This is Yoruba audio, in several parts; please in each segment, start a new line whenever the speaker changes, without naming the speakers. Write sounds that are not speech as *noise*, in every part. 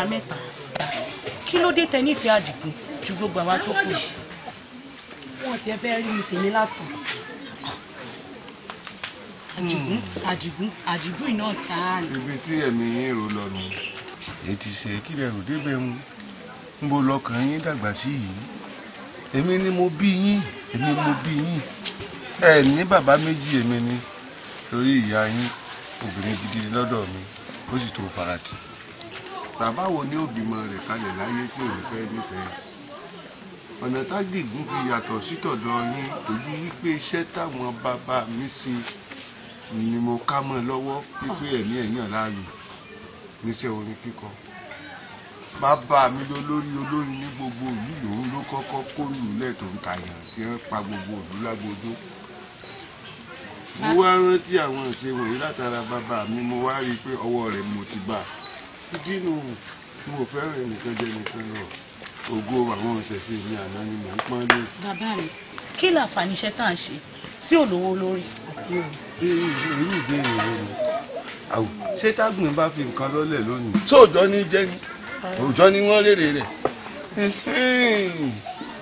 àwa mẹ́ta kí ló dé tẹ nífẹ̀ẹ́ àdìgún ju gbogbo àwa tó kù wọn ti ẹ fẹ́ rí mi tèmi látọ̀ àdìgún hmm.
àdìgún àdìgún iná sáà ni. ibi tí ẹ̀mí yín rò lọ nù èyí ti ṣe kí lè rò débẹ̀ mu ń bo lọkàn yín dàgbà sí yìí èmi ni mo bí yín èmi ni mo bí yín ẹ ní bàbá méjì èmi ni torí ìyá yín obìnrin gidi lọ́dọ̀ mi ó sì tó farati bàbá wo ni ó bímọ rẹ̀ kalẹ̀ láyé tí òun fẹ́ nífẹ̀ẹ́ ọ̀nà tágìgún fi yàtọ̀ sítọ̀dọ̀ yín torí wípé iṣẹ́ táwọn bàbá mi ṣe ni mo ká mọ́ lọ́wọ́ pípé ẹ̀mí ẹ̀yàn láàyò níṣẹ́ orin kíkọ bàbá mi lólórí olórin ní gbogbo ìlú yòówù ló kọ́kọ́ kó lùlẹ̀ tó ń tàyàn tí wọ́n pa gbogbo ìlú lágbodó mo wá rántí àwọn ìṣe wọ̀nyí látara bàbá mi mo wá rí i pé ọwọ́ rẹ̀ mo ti bá a ìdí nù mo fẹ́ràn ẹnìkan jẹ nìkan lọ ògo àwọn ìṣẹ̀ṣe mi àná ni mò ń pọ́n lé. bàbá mi
kí làǹfààní iṣẹ́ tá à ń ṣe tí ò lówó lórí. irú
ìbéèrè rẹ ni àwò ṣé tágùn bá fi nǹkan lọ́lẹ̀ lónìí. sóòjọ́ ní jẹ́ ni òòjọ́ ni wọ́n lérè rẹ̀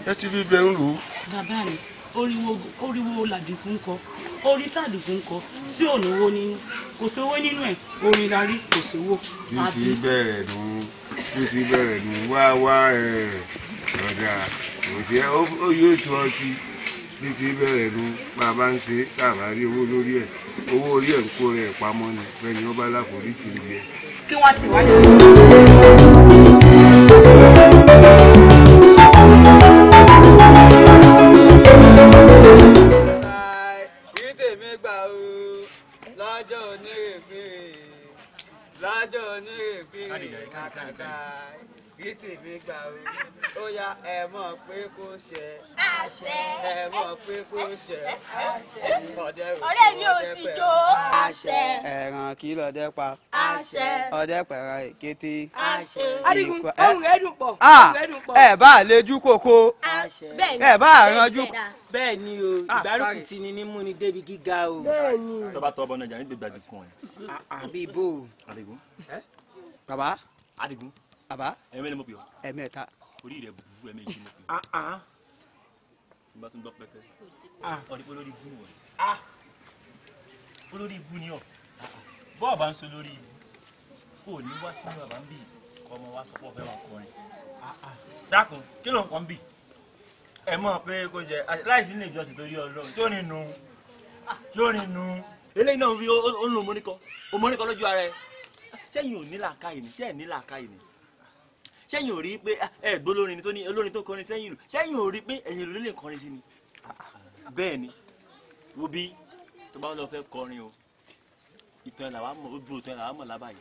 ẹ ti fi bẹ́ẹ̀ lò ó.
bàbá mi oríwo làdìkú ń kọ orí tàdìkú ń kọ tí ò náwó nínú
kò sówó nínú ẹ̀ orin la rí kò sówó. bí ti
bẹ̀rẹ̀ nù bí ti bẹ̀rẹ̀ nù wá wá ọ̀dà òtí ó yóò tu ọtí bí ti bẹ̀rẹ̀ nù bàbá ń ṣe káàbá rí owó lórí ẹ̀ owó orí ẹ̀ ń kó rẹ̀
pamọ́ ni bẹ́ẹ̀ni ó bá ti rí
ẹ. kí wọ́n ti wá
ọjọ́ onírèpé kàkàkà kí tèmi gbà o ó yá ẹ mọ̀ pé kó ṣe
àṣẹ ẹ mọ̀ pé kó ṣe àṣẹ ọdẹ mi ò sì jó àṣẹ
ẹran kí lọdẹ pa àṣẹ ọdẹ pẹ̀rọ èkété àṣẹ adigun ohun rẹ
dùn pọ̀ ah! ohun ẹ bá a
lejú koko
ẹ bá ranjú.
bẹ́ẹ̀ ni o ah, ìgbárùkù ti ni mú ni débi gíga o. tọ́ba tọ́ ọbọ̀ náà jà ní gbègbè àdìgún àbí ah, ibo. adigun. baba. adigun àbá. ẹ̀mẹ́ta mo pè ọ́. ẹ̀mẹ́ta. orí rẹ̀ burú ẹ̀mẹ́jì mo pè ọ́. nígbà tó ń gbọ́ pẹ́pẹ́. ọ̀rí ah. olórí ibú ni ọ̀. Ah. olórí ibú ni ọ̀. Ah, bọ́ọ̀ bá ń sọ lórí ibú. kò ní wá sínú bàbá ń bì kọ́ ọmọ wa sọ́pọ̀ fẹ́ wọn kọrin. dákun kí ló ń kọ́ ń bì. ẹ mọ̀ pé kò jẹ láìsí ilé ìjọsìn torí ọlọ́run tí ó ní nu tí ó ní nu eléyìí náà ń lo omoríkọ omoríkọ lójú ara ẹ sẹ́yìn ò ní làákàyè ni sẹ́yìn ní làákàyè ni sẹ́yìn ò rí pé ah, ẹ gbọ́ olórin tó ní olórin tó kọrin sẹ́yìn ìlú sẹ́yìn ò rí pé ẹ̀yìn ìlú lè kọrin sí ni bẹ́ẹ̀ ni wo bí tó bá lọ fẹ́ kọrin o ìtàn ẹ̀ làwa mọ̀ gbogbo ìtàn ẹ̀ làwa mọ̀ lábàáyé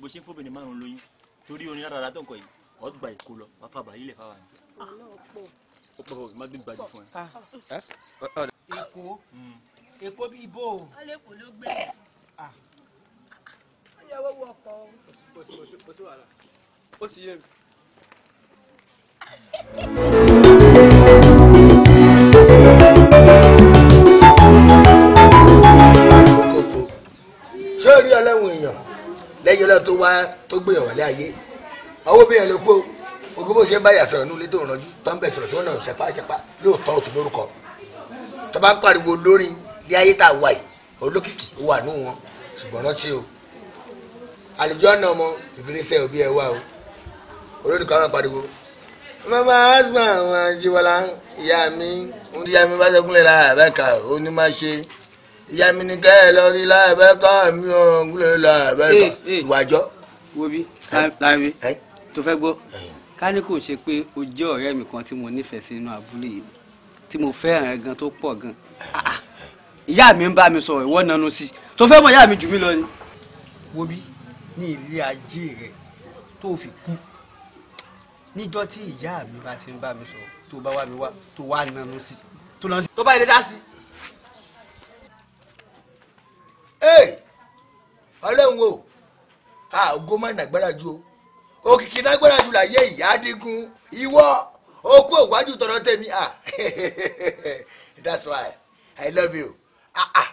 bó ṣe ń fóbìnrin márùn lóyún torí orin rárá tó ń kọ yìí ọgbà èkó lọ wàá fàbà yìí lè fà wà ní. ó pọ̀ pọ̀ má gbé gbàdúrà ah. hmm.
ah. yé mi
ṣé o rí ọlẹ́wọ̀n èèyàn lẹ́yìn ọlọ́run tó wá tó gbéyàn wálé ayé ọwọ́ bí èèyàn ló kó ogun bó ṣe báyà sọ̀rọ̀ nílé tó rànjú tó ń bẹ̀ sọ̀rọ̀ tó ń nà ṣẹpá ṣẹpá lóòótọ́ òtún lórúkọ tó bá ń pariwo lórin ní ayé tá a wà yìí olókìkí ó wà nù wọn ṣùgbọ́n rántí o àlejò ọ̀nà ọmọ ìgbésẹ̀ òbí ẹ wá o olórí kan máa pariwo mama asma àwọn ajiwala ìyá mi ohun tí ìyá mi bá sẹ́kúnlẹ̀ láàbẹ̀ka ó ní má ṣe ìyá mi ní kẹ́ ẹ lọ rí láàbẹ̀ka
mi ò gúnlẹ̀ láàbẹ̀ka
ìwàjọ́. wo bí láàbí tó fẹ́ gbọ́ ká ní kò ṣe pé o jẹ́ ọ̀rẹ́ mi kan tí mo nífẹ̀ẹ́ sí inú abúlé yìí tí mo fẹ́ràn ẹ̀ gan tó pọ̀ gan ah, ah. ìyá mi ń bá mi sọ̀rọ̀ ìwọ nanu sí tó fẹ́ mọ̀ ìyá mi jù mí lọ ni. wo bí ní ilé ajé rẹ tó fi kú níjọ́ tí ìyá mi bá ti ń bá mi sọ tó bá wá mi wá tó wá nanú sí tó lọ sí tó bá yẹ dá sí. ọlọ́run o àgó má nàgbára ju o òkìkí nàgbára ju láyé ìyá dígun ìwọ okú òwájú tọrọ tèmi ah *laughs* that's why i love you ah ah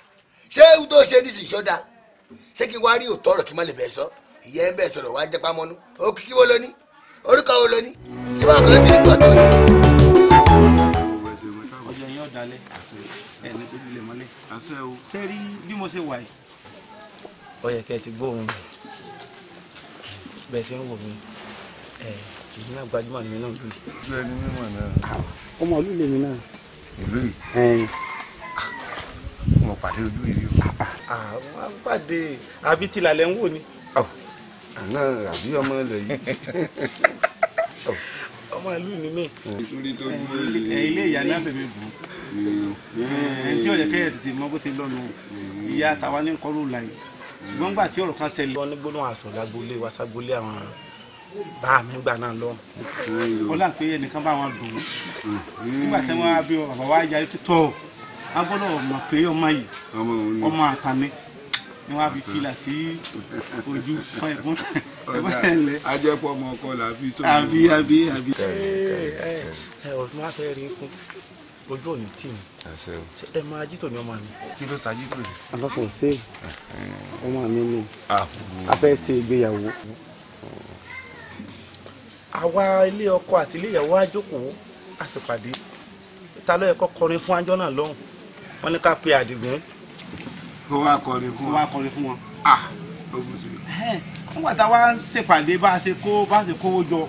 ṣé ewu tó ṣe ní ìṣọ́dá ṣé kí n wá rí òótọ́ ọ̀rọ̀ kí n má lè bẹ̀ sọ ìyẹn bẹ̀ sọ̀rọ̀ wá jẹ́ pamọ́nú òkìkí wo ló
orúkọ wo lóní ṣé báwọn kan ti ń gbọ́ tó ní. ọjọ́ yẹn ọ̀dàlẹ̀
ẹni tó lulẹ̀ mọ́lẹ̀ ṣe rí bí mo ṣe wà yìí. ó yẹ kẹ́ ẹ ti gbóhùn mi bẹ́ẹ̀ ṣe ń wò mí èyí náà gbajúmọ̀ mi náà lóye. ojú ẹni mímọ̀ náà. ọmọ ìlú lèmi náà. ìlú yìí ah, mo pàdé ojú yìí o. àwọn ah, pàdé àbí tìlà lẹ́ ń wò ni náà àbí ọmọ ilẹ̀ yìí. *laughs* ọmọ ìlú ni mí. nítorí tó dúró ilé ilé ìyá ní abẹ́mi bù ú. Mm-hmm. ẹni tí ọ̀yẹ́ kẹ́yẹ tètè
mọ bó ti lọ́nu mm-hmm. ìyá tàwa ní kọ́rù láyé ṣùgbọ́n gbà tí ọ̀rọ̀ kan ṣẹlẹ̀. wọ́n ní gbóná àsùn lágbolé wa ságbolé àwọn bá mi gbà náà lọ. Mm-hmm. ó là ń pé ẹnìkan bá wọn dùn ún nígbà tí wọ́n á bí bàbá wa yá tó tọ́ ni wọ́n á fi fìlà
sí ojú fún ẹ̀gbọ́n ẹ̀gbọ́n ẹ̀lẹ́. ajẹ́pọ̀ ọmọ ọkọ là á fi sómi. àbí àbí àbí.
ọdún wa fẹ́ rí fún ojú òní tì mí ẹ máa jí tòní ọmọ mi. kí ló ṣáájú tòní. àbáfọ̀ ṣe ọmọ mi ni a fẹ́ ṣe ìgbéyàwó àwa ilé ọkọ àti ilé ìyàwó á jókòó a sì pàdé ta ló yẹ kó kọrin fún ajọ́ náà lọ́hùn wọn ní ká pe àdìgún kó wá kọrin fún wọn. kó wá kọrin fún wọn. ah ogun sí. nígbà tá a wá ń ṣèpàdé bá a ṣe kó bá a ṣe kówó jọ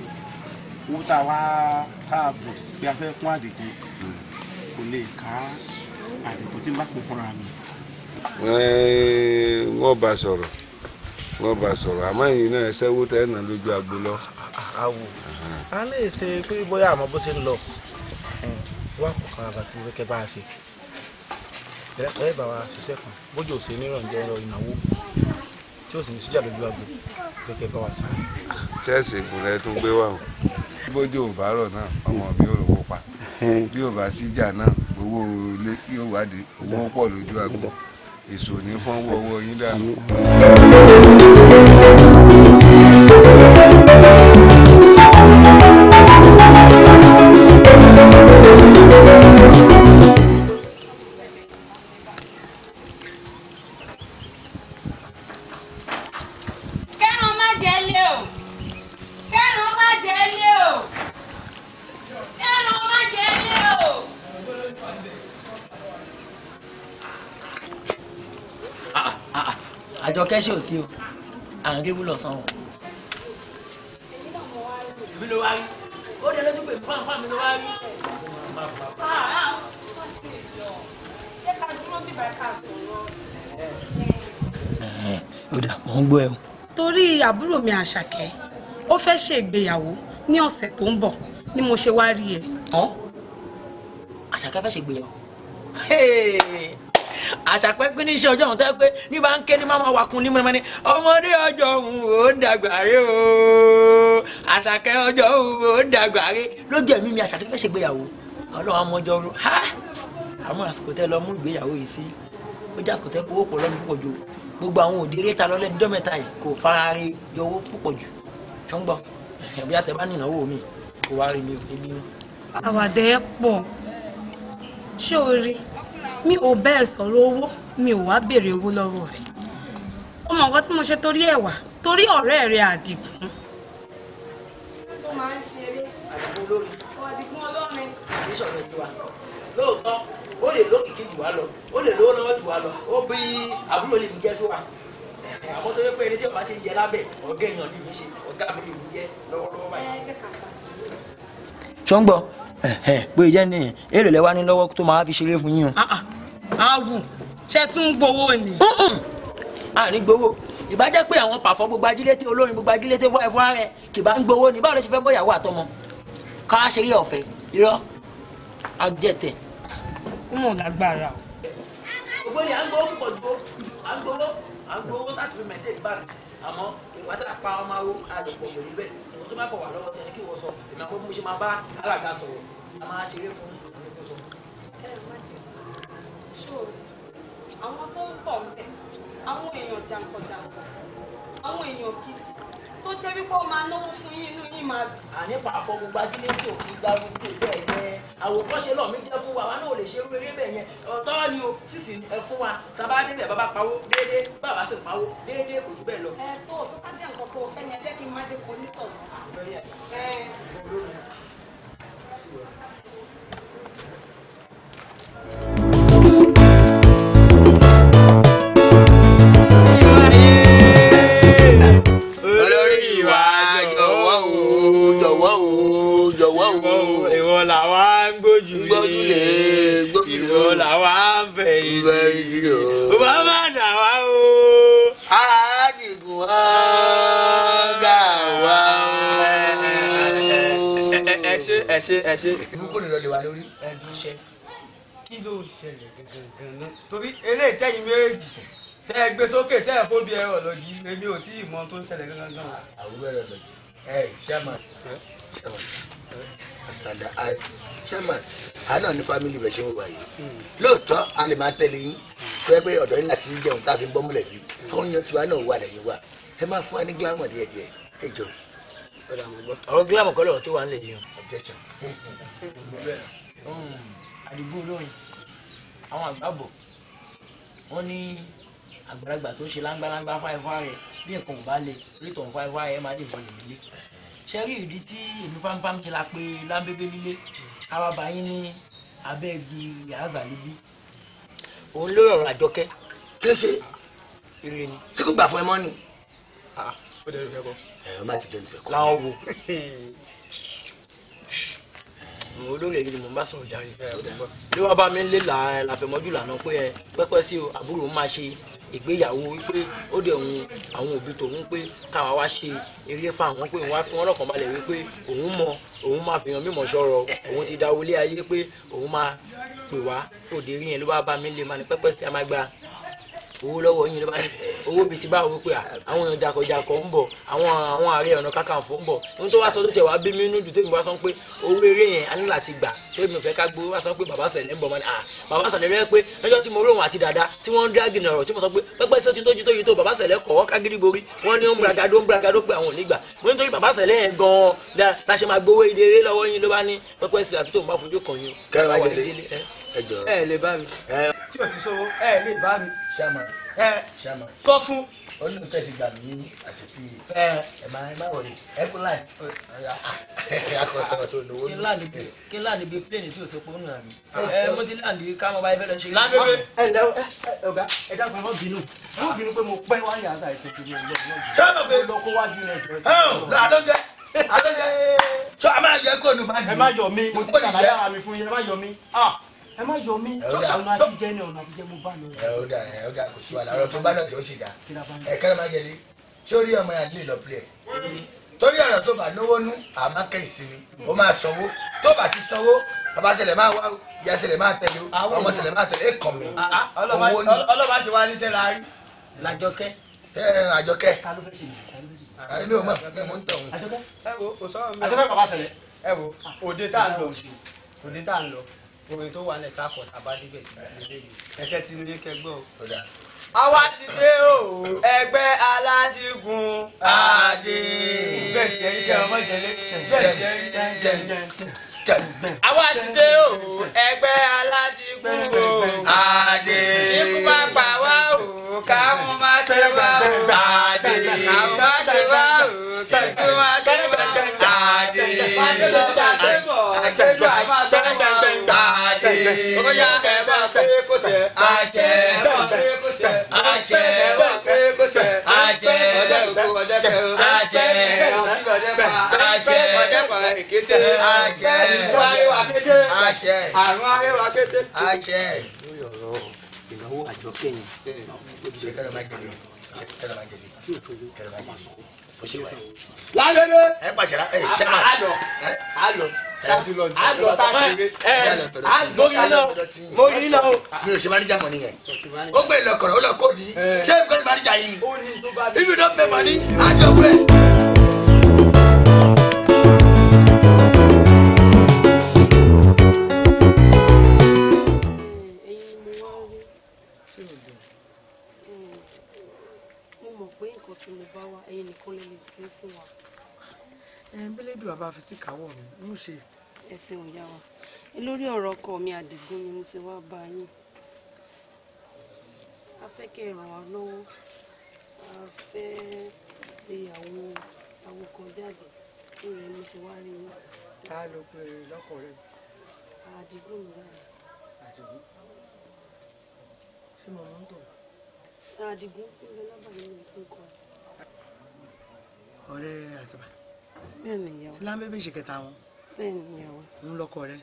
owó tá a wá káàbọ̀ pé a fẹ́ fún Àdìgún kò lè ká Àdìgún tí n bá pè fúnra mi.
wọ́n bá sọ̀rọ̀ wọ́n bá sọ̀rọ̀ àmọ́ ẹ̀yin náà ẹsẹ̀ owó tẹ́ ẹ̀ náà lójú agbo lọ.
àwò
a lè ṣe pé bóyá àmọ́ bó ṣe ń lọ wọ́n kọ̀ọ̀kan àbàtì wíkẹ́ bá a ṣe ẹ̀rẹ́pẹ̀ ẹ̀ bá wa ṣiṣẹ́ kan bójú òsè nírànjẹ́ ẹ̀rọ ìnáwó tí ó sì ní síjà lójú àgbò gẹ́gẹ́ bá wa sáré.
ṣẹ́ẹ̀sì ìbùrẹ́ tó gbé wà o bójú ò bá rọ̀ náà ọmọ mi ò rówó pa bí ò bá síjà náà owó ilé yóò wádìí owó pọ̀ lójú àgbò èso ní fọ́nwó owó yín dànù.
ẹlẹ́ṣẹ̀ ò sí o àwọn gébù lọ sanwó. èmi ló wá rí ó dé lójú pé pàǹpà mi ló wá rí. o.
Torí àbúrò mi Àṣàkẹ́, ó fẹ́ ṣe ìgbéyàwó ní ọ̀sẹ̀ tó ń bọ̀ ni mo ṣe wá rí ẹ. Àṣàkẹ́ fẹ́ ṣe
ìgbéyàwó àṣàpẹ́ pé ní iṣẹ́ ọjọ́ ọ̀hún tẹ́ pé ní bá ń ké ní máma wà kún ní mọ́ni mọ́ni ọmọdé ọjọ́ òun ò ń dàgbà rí o àṣàkẹ́ ọjọ́ òun ò ń dàgbà rí
lójú ẹ̀mí mi àṣàkẹ́ fẹ́ ṣègbéyàwó
ọlọ́run amọ́jọ́ ru ha àwọn àsìkò tẹ́ lọ mú ìgbéyàwó yìí sí ó jẹ́ àsìkò tẹ́ kówó pọ̀ lọ́nu púpọ̀ ju gbogbo àwọn òde eré ta lọ́lẹ́ni dọ́mẹ́ta yìí kò fara rí yọwó púpọ̀ jù ṣọ́ngbọ́n ẹ̀bí àtẹ̀bá nìyàwó mi
ṣé o rí mi ò bẹ́ẹ̀ sọ̀rọ̀ owó mi ò wá béèrè owó lọ́wọ́ rẹ̀ ó mọ nǹkan tí mo ṣe torí ẹ̀ torí ọ̀rẹ́ rẹ̀ àdìgún. ó máa ń ṣeré àdìgún olórí àdìgún ọlọ́rin.
kì sọ̀rọ̀ ìjọba lóòótọ́ ó lè lókìkí jù wá lọ ó lè lówó lọ́wọ́ jù wá lọ ó bí àbúrò lè mú jẹ́ sí wa àwọn tó yẹ pé ẹni tí ọba ti ń jẹ lábẹ́ ọ̀gá èèyàn ni mi ṣe ọ̀gá mi ni mi jẹ lọ́wọ́lọ́wọ́ báyìí. ṣọ́ngbọ̀n pé ìjẹ́ ní èrè lẹ́wà ní lọ́wọ́ tó máa fi ṣeré fún yín o. àwù ah, ah, ah, ṣe tún ń gbowó ni. àní gbowó ìbá jẹ́ pé àwọn pàfọ́ gbogbo ajílété olórin gbogbo ajílété fún ẹ kì bá ń gbowó ni báwo ló ṣe fẹ́ bọ́ àtọmọ ká ṣe rí ọ̀fẹ́ irọ́ àjẹtẹ̀.
ó mọ̀ lágbára o.
ògbóni à ń gbowó púpọ̀ gbó à ń gbowó à ń gbowó láti fi mẹ̀tẹ́ ìbára àmọ́ ìwà tá ọmọ awo àlùkò òyìnbẹ́ tó bá kọ̀ wà lọ́wọ́ tẹ̀ ní kí wọ́n sọ èmi àpò mo ṣe máa bá alága sọ̀rọ̀ a máa ṣeré fún àwọn tó sọ.
àwọn tó ń bọ̀ ń bẹ̀ àwọn
èèyàn
jàǹkànjàǹkàn
àwọn èèyàn gidi tó jẹ́ wípé ó máa náwó fún yín inú yín máa. ànípa àfọwọ́ gbajúlé tí ò kí gbárùkù bẹ́ẹ̀ yẹn àwòkọ́ṣe lọ́ọ̀ mi jẹ́ fún wa wa náà ò lè ṣe eré bẹ́ẹ̀ yẹn ọ̀tọ̀ ni o sísì ẹ fún wa tàbá débẹ̀ bàbá pawó déédé bàbá sì pawó déédé kò jù bẹ́ẹ̀ lọ. ẹ tó tó
bá jẹ́ nǹkan tó fẹ́ ni jẹ́ kí n má dé kó ní sọ̀rọ̀.
lè gómìnà ìbò làwa ń fẹ́ yìí ó bá má dà wá o. àdìgún ọ̀gá wa o. ẹ ṣe ẹ ṣe ẹ ṣe. ìlú kò lè lọ lè wá lórí. ẹ ṣe kí ló ṣẹlẹ̀ gangan náà torí eléyìí tẹ́yìn méjì tẹ́ ẹ gbé sókè tẹ́ ẹ fóbi ẹ̀rọ lọ́jì èmi ò tí ì mọ tó ń ṣẹlẹ̀ gangan. àwùjọ ẹ̀rọ lọ́jì ẹ̀ ṣẹ́mà ṣẹ́mà pásítọ̀ ad chairman àánà ní fámìlì rẹ̀ ṣe ń wà yìí lóòótọ́ a lè máa tẹ̀lé yín tó yẹ pé ọ̀dọ́ yín láti jẹun tá a fi ń bọ́múlẹ̀ yìí àwọn èèyàn tiwa náà wà lẹ́yìn wa ẹ máa fún wa ní gílámọ̀ díẹ̀ díẹ̀ ẹ jọ. ọ̀rọ̀ gílámọ̀ kọ́ lọ́rọ̀ tó wà ń lè yìí o. àdìgbò hmm. olóyin àwọn àgbàbọ̀ wọ́n ní àgbàlagbà tó ṣe láńgbáláńgbá fáìfáì rẹ̀ bí nǹkan ò bá le rí tọ̀ fáìfáì ẹ̀ máa ṣe rí ìdí tí ìlú fámfám ṣe la pé lábẹ́bẹ́ lílé káwábà yín ní abẹ́ igi yàrá líbí. òun ló rọrùn àjọkẹ́. kí ló ṣe ire ni. tí kò gbà fún ẹ mọ́ ni. ó dẹnu fẹ́ kọ́. ẹ ọ má ti dẹnu fẹ́ kọ́. láwọn wo *laughs* mo olórí èyí ni mo bá sọ̀rọ̀ jáde. ló wá bá mi lé làáfẹ̀mọ́jú lànà pé ẹ pẹ́pẹ́ sí o àbúrò máa ṣe ìgbéyàwó wípé ó dẹ̀ hun àwọn òbí tòun pé káwa wá ṣe eré fáwọn pé òun wá fi wọn lọ́kàn balẹ̀ wípé òun mọ òun máa fihàn mímọ̀ sọ̀rọ̀ òun ti dáwọ́ lé ayé pé òun máa pè wá fòdè rí yẹn ló bá bá mi lè máa ní pẹ́pẹ́ sí àmàgbà owó lọ́wọ́ yín ló bá ní owó bíi ti bá wí pé àwọn èèyàn jàkọ̀jàkọ̀ ń bọ̀ àwọn àwọn ààrẹ ọ̀nà kàkànfò ń bọ̀ ohun tó wá sọ tó tẹ̀ wá bí mi núdù tèmi wá sọ pé owó eré yẹn a ní láti gbà tèmi fẹ́ ká gbowó wá sọ pé bàbá sẹ̀ ní bọ̀ mọ́ni bàbá sẹ̀ lẹ́rẹ́ pé lọ́jọ́ tí mo rí àti dàda tí wọ́n ń dá gìnà tí mo sọ pé pẹ́pẹ́ sọ ti tójú tójú tó bàbá sẹ̀lẹ̀ kọ̀ọ́ kágírí borí wọ́n ní ó ń bragado ń bragado pé àwọn ò tí o ti sọ ẹ lè bá mi. ṣé a chairman sọ fún. ó ní ìfẹsí gbà mí
àṣepì ẹ máa ẹ máa wọlé ẹkúláì
akọsọ̀rọ̀ *laughs* tó lówó ní. kí n láàdì bí plane tí o ti
pọ̀ nù àmì ẹ
mo ti láàdì ká mo bá ifẹ̀ lọ ṣe. ládébé ah, ẹ ǹdẹ ọgá ẹ dákun ẹ má bínú ẹ má bínú pé mo pẹ́ wáyé àṣà ìtòkè mi ọ̀lọ́ sábà pé lọ kó wájú rẹ jọ. àdókè àdókè tó a máa yọ kó o nù bá dì. ẹ má yọ mi mo ti ṣàlàyé ara mi fún yín ẹ má yọ mi ẹ má yọ mí ọ̀nà àti jẹ́ ni ọ̀nà àti jẹ́ mo bá lọ. ẹ ó dà ẹ ó dà kò sí wàhálà ọ̀rọ̀ tó bá dọ̀tí ó sì dà ẹ kẹ́rẹ́ má jẹ lé ṣé ó rí ọmọ yàrá lè lọ pilẹ̀ torí ọ̀rọ̀ tó bá náwó nú àmọ́ kẹ́hìnsì ni ó máa sanwó tó bá ti sanwó bàbá ṣẹlẹ̀ máa wá ìyá ṣẹlẹ̀ máa tẹ̀lé o ọmọ ṣẹlẹ̀ máa tẹ̀lé ẹ̀kọ́ ah, ah, mi owó ni. ọlọ́ba ṣe wá níṣẹ́ la rí làjọkẹ́. ẹ ẹ àjọkẹ́ orin tó wà nílẹ̀ tá a kọ̀ tá ẹ̀kẹ́ ti ní kẹgbẹ́ o. àwa ti dé o ẹgbẹ́ aládìgún adé. bẹ́ẹ̀ jẹ́ ìjẹ́ ọmọ ìjẹ́lé bẹ́ẹ̀ jẹ́ ìjẹ́ ìjẹ́ àwa ti dé o ẹgbẹ́ aládìgún adé. bóyá ẹ bá pé kó ṣe. àṣẹ bá pé kó ṣe. àṣẹ bá pé kó
ṣe. àṣẹ ọjọ́ ìkó ọjọ́ kẹrin. àṣẹ ọjọ́ pa. àṣẹ ọjọ́ pa èkété. àṣẹ ìlú àríwá kété. àṣẹ
àrùn àríwá kété. àṣẹ. lórí ọ̀rọ̀ ìnáwó àjọkẹ́yìn ṣe kẹ́rọ máa jẹ̀bi kẹ́rọ máa jẹ̀bi kẹ́rọ máa jẹ̀bi bó ṣe wà. lálẹ́ lé. ẹ pàṣẹ la ẹ ṣẹ́ máa. a lọ a lọ alọta ṣeré lórí iná lórí iná o. mi ò ṣe máníjà mọ̀ nìyẹn ó gbé ìlọkọ̀rọ̀ ó lọ kó di ṣé ìgbẹ́ máníjà yìí
ni if you don pay money i just wait.
ẹ̀ẹ́dẹ́lẹ́dù bàbá
fi sí káwọ́ mi mú ṣe.
ẹ ṣeun ìyá wa lórí ọ̀rọ̀ ọkọ mi àdìgún ni mo ṣe wá bá yín a fẹ́ kí ẹ ràn wá lọ́wọ́ a fẹ́ ṣe àwọn àwọn kan jáde tó rẹ̀ mo ṣe wá rí yín.
ta ló pe lọ́kọ rẹ.
àdìgún mi náà. àdìgún ṣé mo mú tọ̀. àdìgún ti ń bẹ lábàá nínú ìfúnkọ. ọ̀rẹ́ àtàbà sílá ń bébè ṣe kẹta wọn òun lọkọ rẹ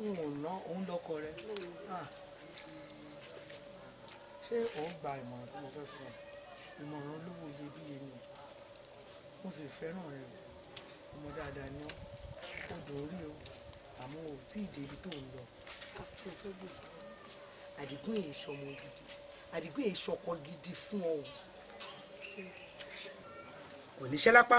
n ò ná òun lọkọ rẹ
ṣé òun gba ìmọ̀ràn tí mo fẹ́ fún ọ ìmọ̀ràn olówó iyebíye ni mo sì fẹ́ràn rẹ o ọmọ dáadáa ni ọ odò orí o àmọ́ ò tí ì débi tó ń lọ ah, àdìgún èyí sọmọ gidi àdìgún èyí sọkọ gidi fún ọ kò níṣẹ́ lápá.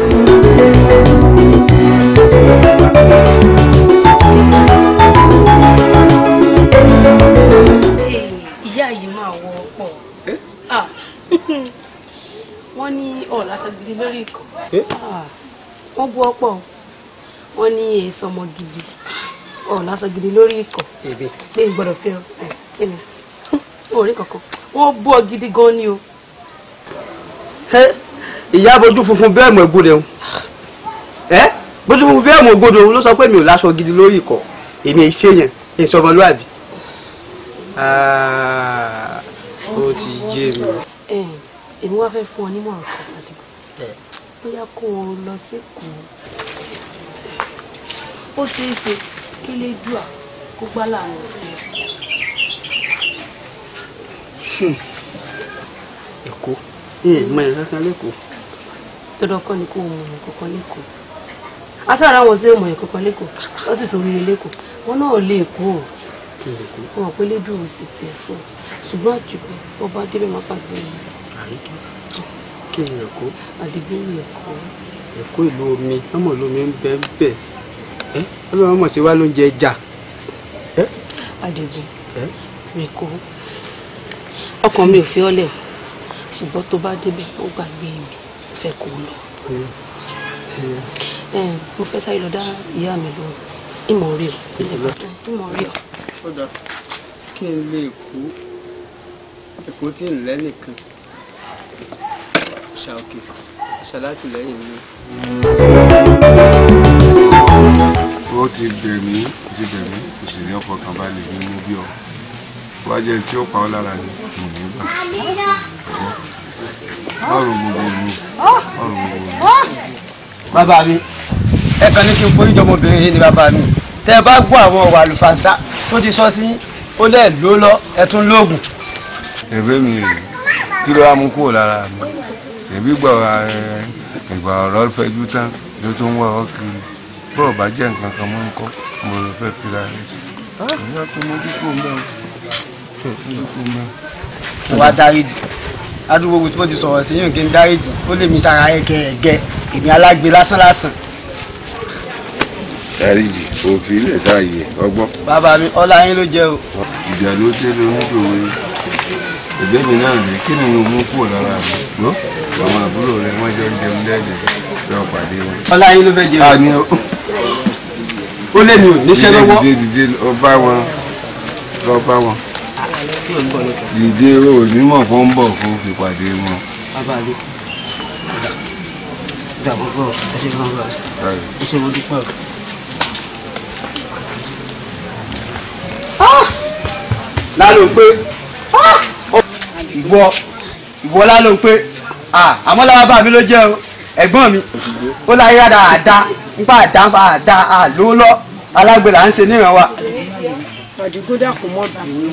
sọ gidi lórí ikọ̀ ah, wọ́n bu ọ̀pọ̀ wọ́n ní èso ọmọ gidi ọ̀hún lásán gidi lórí ikọ̀ pé n gbọ́dọ̀ fẹ́ ọ kí ni orí kankan wọ́n bú ọ gidi gan ni o.
ìyá bojú funfun bẹ́ẹ̀ mọ̀ ẹ̀gbọ́dẹ̀ o bójú funfun fẹ́ mọ̀ ògbódò ló sọ pé mi ò láṣọ gidi lórí ikọ̀ èmi èyí ṣèyàn èyí sọmọlúàbí
ah,
ó ti yé mi.
èmi wá fẹ́ fún ọ nímọ̀ràn kan àti bóyá kó o lọ sékòó ó ṣeé ṣe kí lè dùà kó gbá láàrin òfin
ẹ̀kọ́ mọ ẹ̀ kankan lẹ́kọ̀ọ́.
tọ́dọ̀ kọ́ ni kò mọ ẹ̀ kankan lẹ́kọ̀ọ́ asára àwọn tí ó mọ ẹ̀ kankan lẹ́kọ̀ọ́ wọ́n sì sórí lẹ́kọ̀ọ́ wọn náà lè kó
o
wọn pé lẹ́dùn ò sì tiẹ̀ fún ọ ṣùgbọ́n àjùbọ̀ ọba débẹ̀ má
òkè ẹ̀kọ́ adigun ẹ̀kọ́ ẹ̀kọ́ ìlú omi ọmọ lómi ń bẹ́ bẹ́ ẹ́ ọlọ́run ọmọ sí wa ló ń jẹ ẹja.
adigun ẹ̀kọ́ ọkàn mi ò fi ọ́lẹ̀ ṣùgbọ́n tó bá débẹ̀ ó gbàgbé mi fẹ́ kó lọ. mo fẹ́ sáré lọ dá ìyá mi lọ ìmọ̀ rí
o
ìmọ̀ rí o. kí n lè
kú ẹ̀kọ́ tí ń lẹ́ nìkan ṣàòkè ṣàlátì lẹ́yìn mi.
ó ti bẹ̀ mí ti bẹ̀ mí kò sì ní ọkọ̀ kan balẹ̀ ní mú bí ọ wá jẹ́ tí ó pa ọ́ lára ni mo
ní gbà.
báwo gbogbo mi
báwo gbogbo mi. bàbá mi ẹ kàn ní kí n forí jọmọbìnrin yìí ni bàbá mi tẹ ẹ bá gbọ́ àwọn ọ̀wà àlùfàǹsá tó ti sọ sí ó lẹ́ẹ̀ ló lọ ẹ tún lóògùn.
ẹ̀fẹ́ mi rè kí ló wá mú kúrò lára mi èmi gbọ́ ìgbà ọ̀rọ̀ fẹjú tán ló tún wá ọ kiri bó o bá jẹ́ nǹkan kan mọ́ ń kọ́ mo lọ fẹ́ fi ra rẹ̀ ìyá tó mojú o mojú
dáríjì adúgbò tí mo ti sọ̀rọ̀ sí yìí kí n dáríjì ó lè mi sára ẹ̀kẹ́ ẹ̀gẹ́ èmi alágbe lásán lásán.
dáríjì òfin ilé sáàyè ọgbọ́n. bàbá mi ọlá yín ló jẹ́ o. ìjà ló dé lórí ìdòwe ìgbẹ́ni náà rèé kí ni mo mú kúrò lára mi gbọ́ àwọn àbúrò rẹ wọ́n jẹ́ oúnjẹ oúnjẹ rẹ ọ pàdé wọn. ọlá yín ló fẹ́ jẹun. àní ó lé mi ò níṣẹ́ lọ́wọ́. dìde dìde lọ bá wọn lọ bá wọn. dìde o ò ní mọ̀ fún bọ̀ fún fi pàdé wọn. bàbá mi
dàbọ̀ bọ̀ ẹ o. Ah! lálẹ́ o ah! ìwọ ìwọ lálọ pé àmọ́ lára bá mi ló jẹ́ o ẹ̀gbọ́n mi ó láyé rádà àdá nípa àdá àdá àlóòlọ́ alágbèrè à ń ṣe níran wa. àdìgún dàkún mọ́ bínú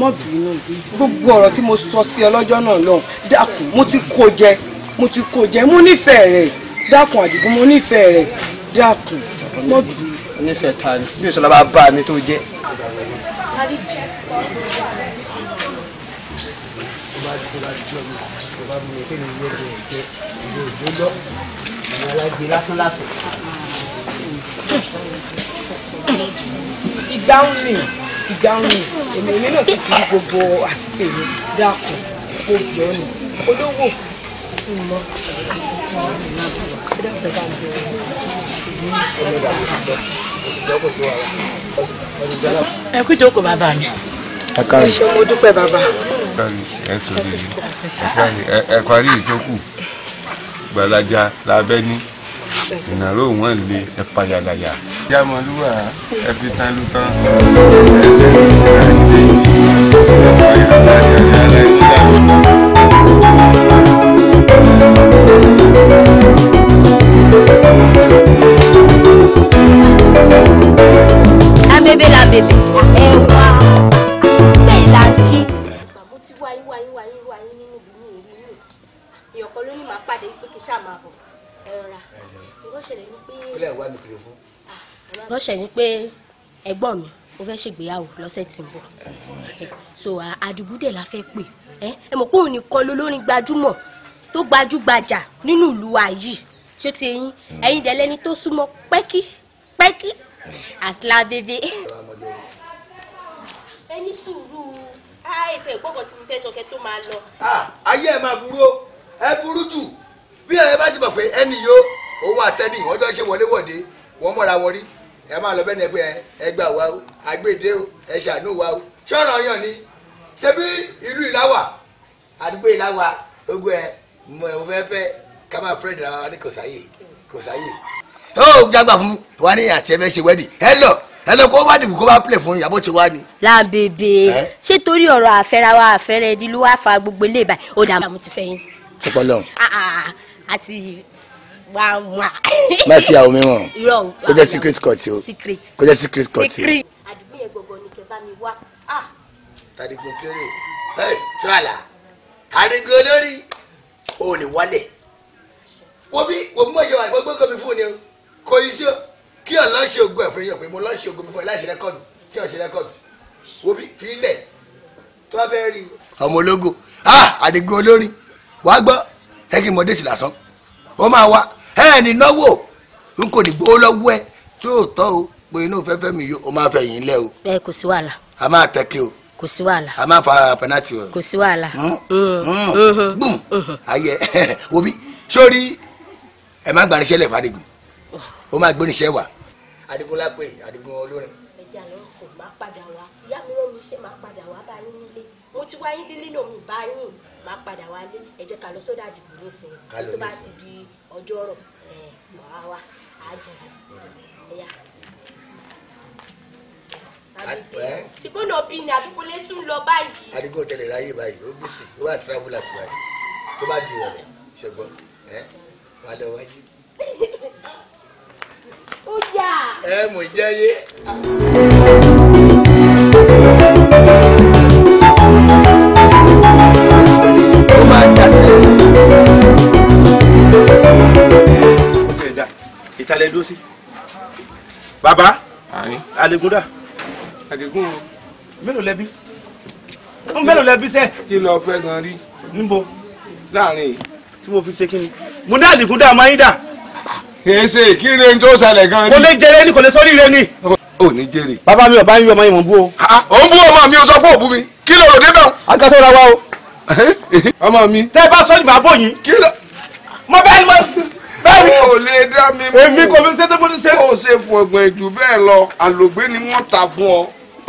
mọ́ bínú gbogbo ọ̀rọ̀ tí mo sọ sí ọ lọ́jọ́ náà lọ dàkún mo ti kó jẹ mo ti kó jẹ mo nífẹ̀ẹ́ rẹ̀ dàkún àdìgún mo nífẹ̀ẹ́ rẹ̀ dàkún mọ́ bínú. onífẹ̀ẹ́ ta ni
bí ìṣọ̀lá bá bá mi tó jẹ́ bá tó bá jọ mi tó bá mi kí ni ilé ìgbẹ́ ìgbẹ́ ìgbẹ́ ìgbẹ́
lọ ìgbẹ́ alágbé lásán lásán. ìgbàhùn ni ìgbàhùn ni èmi èmi náà sì ti rí gbogbo àṣìṣe mi dákun kó jọ ni olówó ìmọ̀ ìdábẹ̀bá mi
ẹ kú ìjókòó bàbá mi ẹ káre. ẹ ṣe
mo dúpẹ́ bàbá.
ẹ sọ̀rọ̀ yìí ẹ káre ẹ parí ìjókòó gbalaja labẹ́ ní ìnáró wọn lé ẹ payàlàyà. jámọlúwà ẹ fi tán ló tán.
abebe labebe ẹ wò. ṣàmà bọ̀ ẹ rọra nǹkan ṣẹlẹ̀ ni pé. kílẹ̀ wà ní kiri fún. nǹkan ṣẹlẹ̀ ni pé ẹ̀gbọ́n mi ó fẹ́ ṣègbéyàwó lọ́sẹ̀ tí ń bọ̀ so àdìgúdẹ̀ la fẹ́ pè ẹ mọ̀ pé òun nìkan lolórin gbajúmọ̀ tó gbajúgbajà nínú ìlú wa yìí ṣé ti ẹ̀yin hmm. ẹ̀yin dẹ̀ lẹ́ni tó súnmọ́ pẹ́kí pẹ́kí àsìlá bèbè. ẹni sùúrù á ah, ètò ẹ̀gbọ́n tí mo fẹ́ sọ kẹ́ tó máa lọ.
Ah, ayé ẹ̀ máa burú ẹ burú jù bí ẹ bá ti mọ̀ pé ẹni yó owó àtẹ́ni wọ́n jọ ṣe wọléwọ̀de wọ́n mọ̀ra wọn rí ẹ máa lọ bẹ́ni ẹ pé ẹ gbà wá o àgbèdè o ẹ ṣàánú wá o ṣọ́ọ̀rọ̀ yàn ni ṣé bí ìlú ìláwà àdúgbò ìláwà ogun ẹ mọ ẹ fẹ́ fẹ́ ká máa fẹ́ dara wa ní kò
sáyè
ó gbàgbà fún wa ní àti ẹ fẹ́ ṣe wẹ́dì ẹ lọ ẹ lọ kó wá dìbò kó bá pilẹ̀ fún ìyàbọ̀ tí wá ni. lábẹ́bẹ́
ṣé torí ọ̀rọ̀ àfẹ́ra wa àfẹ́rẹ́ ẹni ló gbogbo ilé ìbàdàn ó dààmú ti fẹ́ yín. ṣùpọ̀ àti wà wà. má fi àwọn mímọ kó jẹ secret court o kó jẹ secret court o. àdúgbò yẹn gbọ̀ngàn ni kẹ́ bá mi wá. Ah. tàdígbò kéré
tó àlà àdígbò lórí o ò ní wálé wọ́n bí wọ́n mú ọ̀yọ́ àgbọ̀ gbọ́ngàn mi fún ni o kò yí sí o kí ọ̀ lọ́ọ́ ogun ẹ̀fọ́ yẹn pé mo lọ́ọ́ ṣe ogun mi fún ẹ láì ṣe rẹ́kọ̀dù tí ọ̀ ṣe rẹ́kọ̀dù wọ́n bí fi ilẹ̀ tó bá fẹ́ rí. ọmọ ológo ah àdìgún olórin wàá gbọ́ tẹ́kí mọ́dé sí lásán ó máa wá ẹ ní náwó n kò ní gbowó lọ́wọ́ ẹ tí ò tọ́ o pé inú fẹ́fẹ́ mi yóò ó máa fẹ́ yín lẹ́ o.
ẹ kò sí wàhálà.
a máa tẹ́kẹ́ o. kò sí wàhálà. a máa fa penalty o. kò sí wàhálà. bùn ayẹ obi sórí ẹ má gbaniṣẹ́ lẹ̀ fàdígùn ó máa gbóníṣẹ́ wà
adigun lápè adigun olórin. ẹja ló ń sìn máa padà wá ìyá mi ló ń ṣe máa padà wá bá nílé mo ti wáyé délé náà mi bá máa padà wálé ẹ jẹ́ ká lọ sódà dìbò nísìnyí tó bá ti di ọjọ́ rọ̀ ẹ̀ wá wá àjẹjẹ ẹ̀yà. ṣùgbọ́n náà bí ni àtúkọ́lé tún lọ báyìí. adigun
òtẹlẹ ráyè báyìí ó bí sí ó bá travel àti báyìí tó bá di ìrọ̀lẹ́ ṣùgbọ́n ẹ wà lọ wájú. *laughs* ó yà. ẹ mò jẹ́ yé. ìkàlẹ̀ dúró sí. bàbá àlègúndà. àlègún o. mélòó lẹbí. mélòó lẹbí sẹ. kí ló fẹ́ gan rí. níbo. láàrin yìí. tí mo fi ṣe kí ni. mo dá àlègúndà máa ń dà. kìí ṣe kí ni tó ṣẹlẹ̀ gan rí. kò lè jẹrẹ ni kò lè sọ́rí rẹ ni.
ò ní jèrè. bàbá mi ò bá ń yọ ọmọ yìí mọ̀ bú o. ò ń bú ọmọ mi o sọ pé ò bú mi kí ló rò dé bẹ́ẹ̀. agbátọ́ ra wa o. *laughs* ọmọ mi. tẹ́ ẹ bá sọ ìgbà bò yín. kí ló. mo bẹ́ẹ̀ ni mo mi ò lè dá mi mú. èmi kò fi ṣe tó gbọ́dọ̀ ṣe. ó ṣe fún ọgbọ̀n ìjù bẹ́ẹ̀ lọ àlògbé ni wọ́n ta fún ọ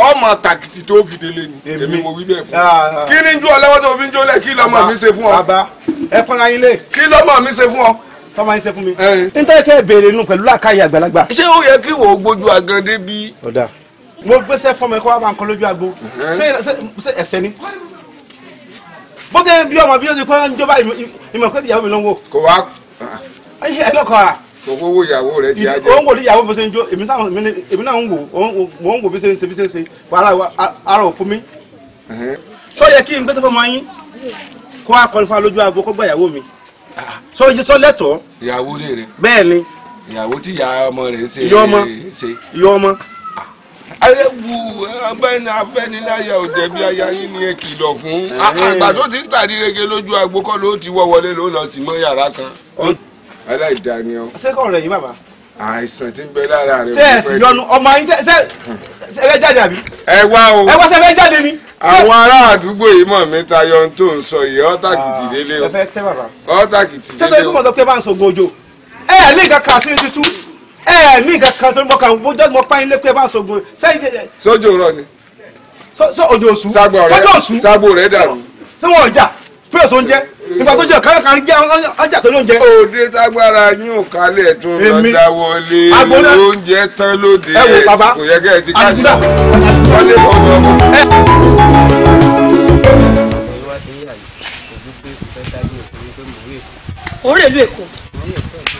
ọmọ tàkìtì tó fi délé ni èmi mo wí bẹ́ẹ̀ fún ọ ah, ah. kí ni ju ọlọ́wọ́ tó fi ń jólẹ̀ kí lọ́mọ mi ṣe fún ọ. bàbá ẹ kọ́ra yín lé. kí lọ́mọ mi ṣe fún ọ
tọ́mọ iṣẹ́ fún mi. nítorí kẹ́ ẹ béèrè inú pẹ̀lú làkàyè àgbàlagbà. ṣé ó yẹ kí wò ó gbójú agan débi. ọ̀dà mo gbéṣẹ́ fọmọ ẹ̀kọ́ wa máa ń kọ́ lójú agbo ṣé ẹ̀sẹ̀ ni. bó ṣe bí ọmọ bí ó ti kọ́ ń jọba ìmọ̀ pé ìyàwó mi ló ń ẹ lọkọ a. owó owó ìyàwó rẹ ti ajẹ. òun kò ní ìyàwó bí ṣe ń jó èmi náà ń wò òun kò bí ṣe ń ṣe bí ṣe ń ṣe wàhálà ara òfin mi. sọ yẹ kí n gbé tó fọmọ yín kó akọni fún alójú aago kó gba ìyàwó mi sọ yìí sọ lẹ́tọ̀ọ́.
ìyàwó lè rẹ. bẹ́ẹ̀ ni. ìyàwó tí ìyá ọmọ rẹ ṣe. ìyá ọmọ ìyá ọmọ ayéwu abẹ́ni abẹ́niláyà òjẹ̀bi aya yín ni ẹ kìlọ̀ fún. àgbà ti ń tàdírege lójú agbo kọ́ ló ti wọ́ wọlé ló lọ tì mọ́ yàrá kan aláìda ni ọ. ṣé kọ́ ọ̀rẹ́ yìí bàbá. àìsàn ti ń bẹ lára rẹ. ṣé ẹ sì yọnu
ọmọ yín tẹ ṣé
ẹ fẹ́ jáde àbí. ẹ wá o. ẹ wá ṣé fẹ́ jáde ni. àwọn ará àdúgbò yìí mọ̀ mi tayọ ohun tó ń sọ yìí ọ́tàkìtì délé ah, o. ẹ fẹ́ tẹ́ bàbá. ọ́tàkìtì délé o. ṣé tó yẹ kó mọ̀ sọ pé bá ń sògùn
òjò ẹ ẹ ní nǹkan kan àṣírí tuntun ẹ ẹ ní nǹkan kan tó ń bọ̀ kan bójú ọgbọ́n pa ilé pé bá ń sògùn sẹ́yìn. sójú rọ ni. sọ òjò òsù. sagbọ rẹ sagbọ rẹ nígbà tó jẹ́ ọ̀kadà kan jẹ́ ọjà tó lóúnjẹ. òde
tágbára yín ò kálẹ̀ tó lọ dáwọlé oúnjẹ tán lóde ẹ̀ kò yẹ kẹ́ ẹ ti ká jù wọlé bọ̀bọ̀ bọ̀.
òun rèlú èkó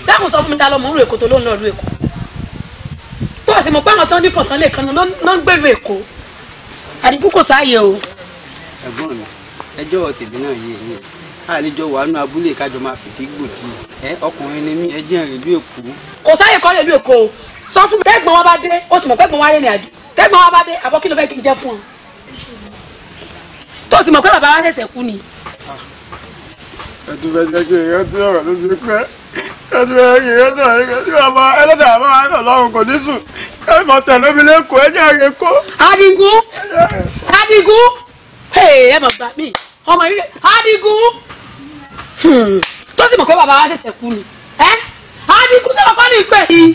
dákun sọ fún mi ta lọ mò ń rò èkó tó lóun lọ lu èkó tó o sì mọ̀ pé àwọn tó ń dífọ̀ tán lè kan náà ń gbèrú èkó àdìpú kò sáàyè o.
ẹ̀gbọ́n mi ẹjọ́ tèmi náà yé mi àlejò wàánu abúlé kájọ máa fìdí gbòdì ẹ ọkùnrin ni mí ẹ jẹ́ ìrìn ìlú èkó. kò sáyè kọ́ nílùú èkó o sọ fún mi tẹ́gbọ̀n wọn bá dé ó sì mọ̀ pẹ́gbọ̀n wọn
á rìnrìn àjò tẹ́gbọ̀n wọn bá dé àbọ̀ kí ló fẹ́ kí n jẹ́ fún ọ. tó sì mọ̀ pé bàbá wa ṣẹ̀ṣẹ̀ kú ni.
tẹlẹ mi lẹkọọ ẹ jẹ àrẹ kó. Adigun Adigun ẹ mọ gbà mí
ọmọ yìí Adigun tó sì mọ̀ pé bàbá wa ṣẹ̀ṣẹ̀ kú ni ẹ́ àdìkú sọ̀rọ̀ kọ́ ní ìpè yìí.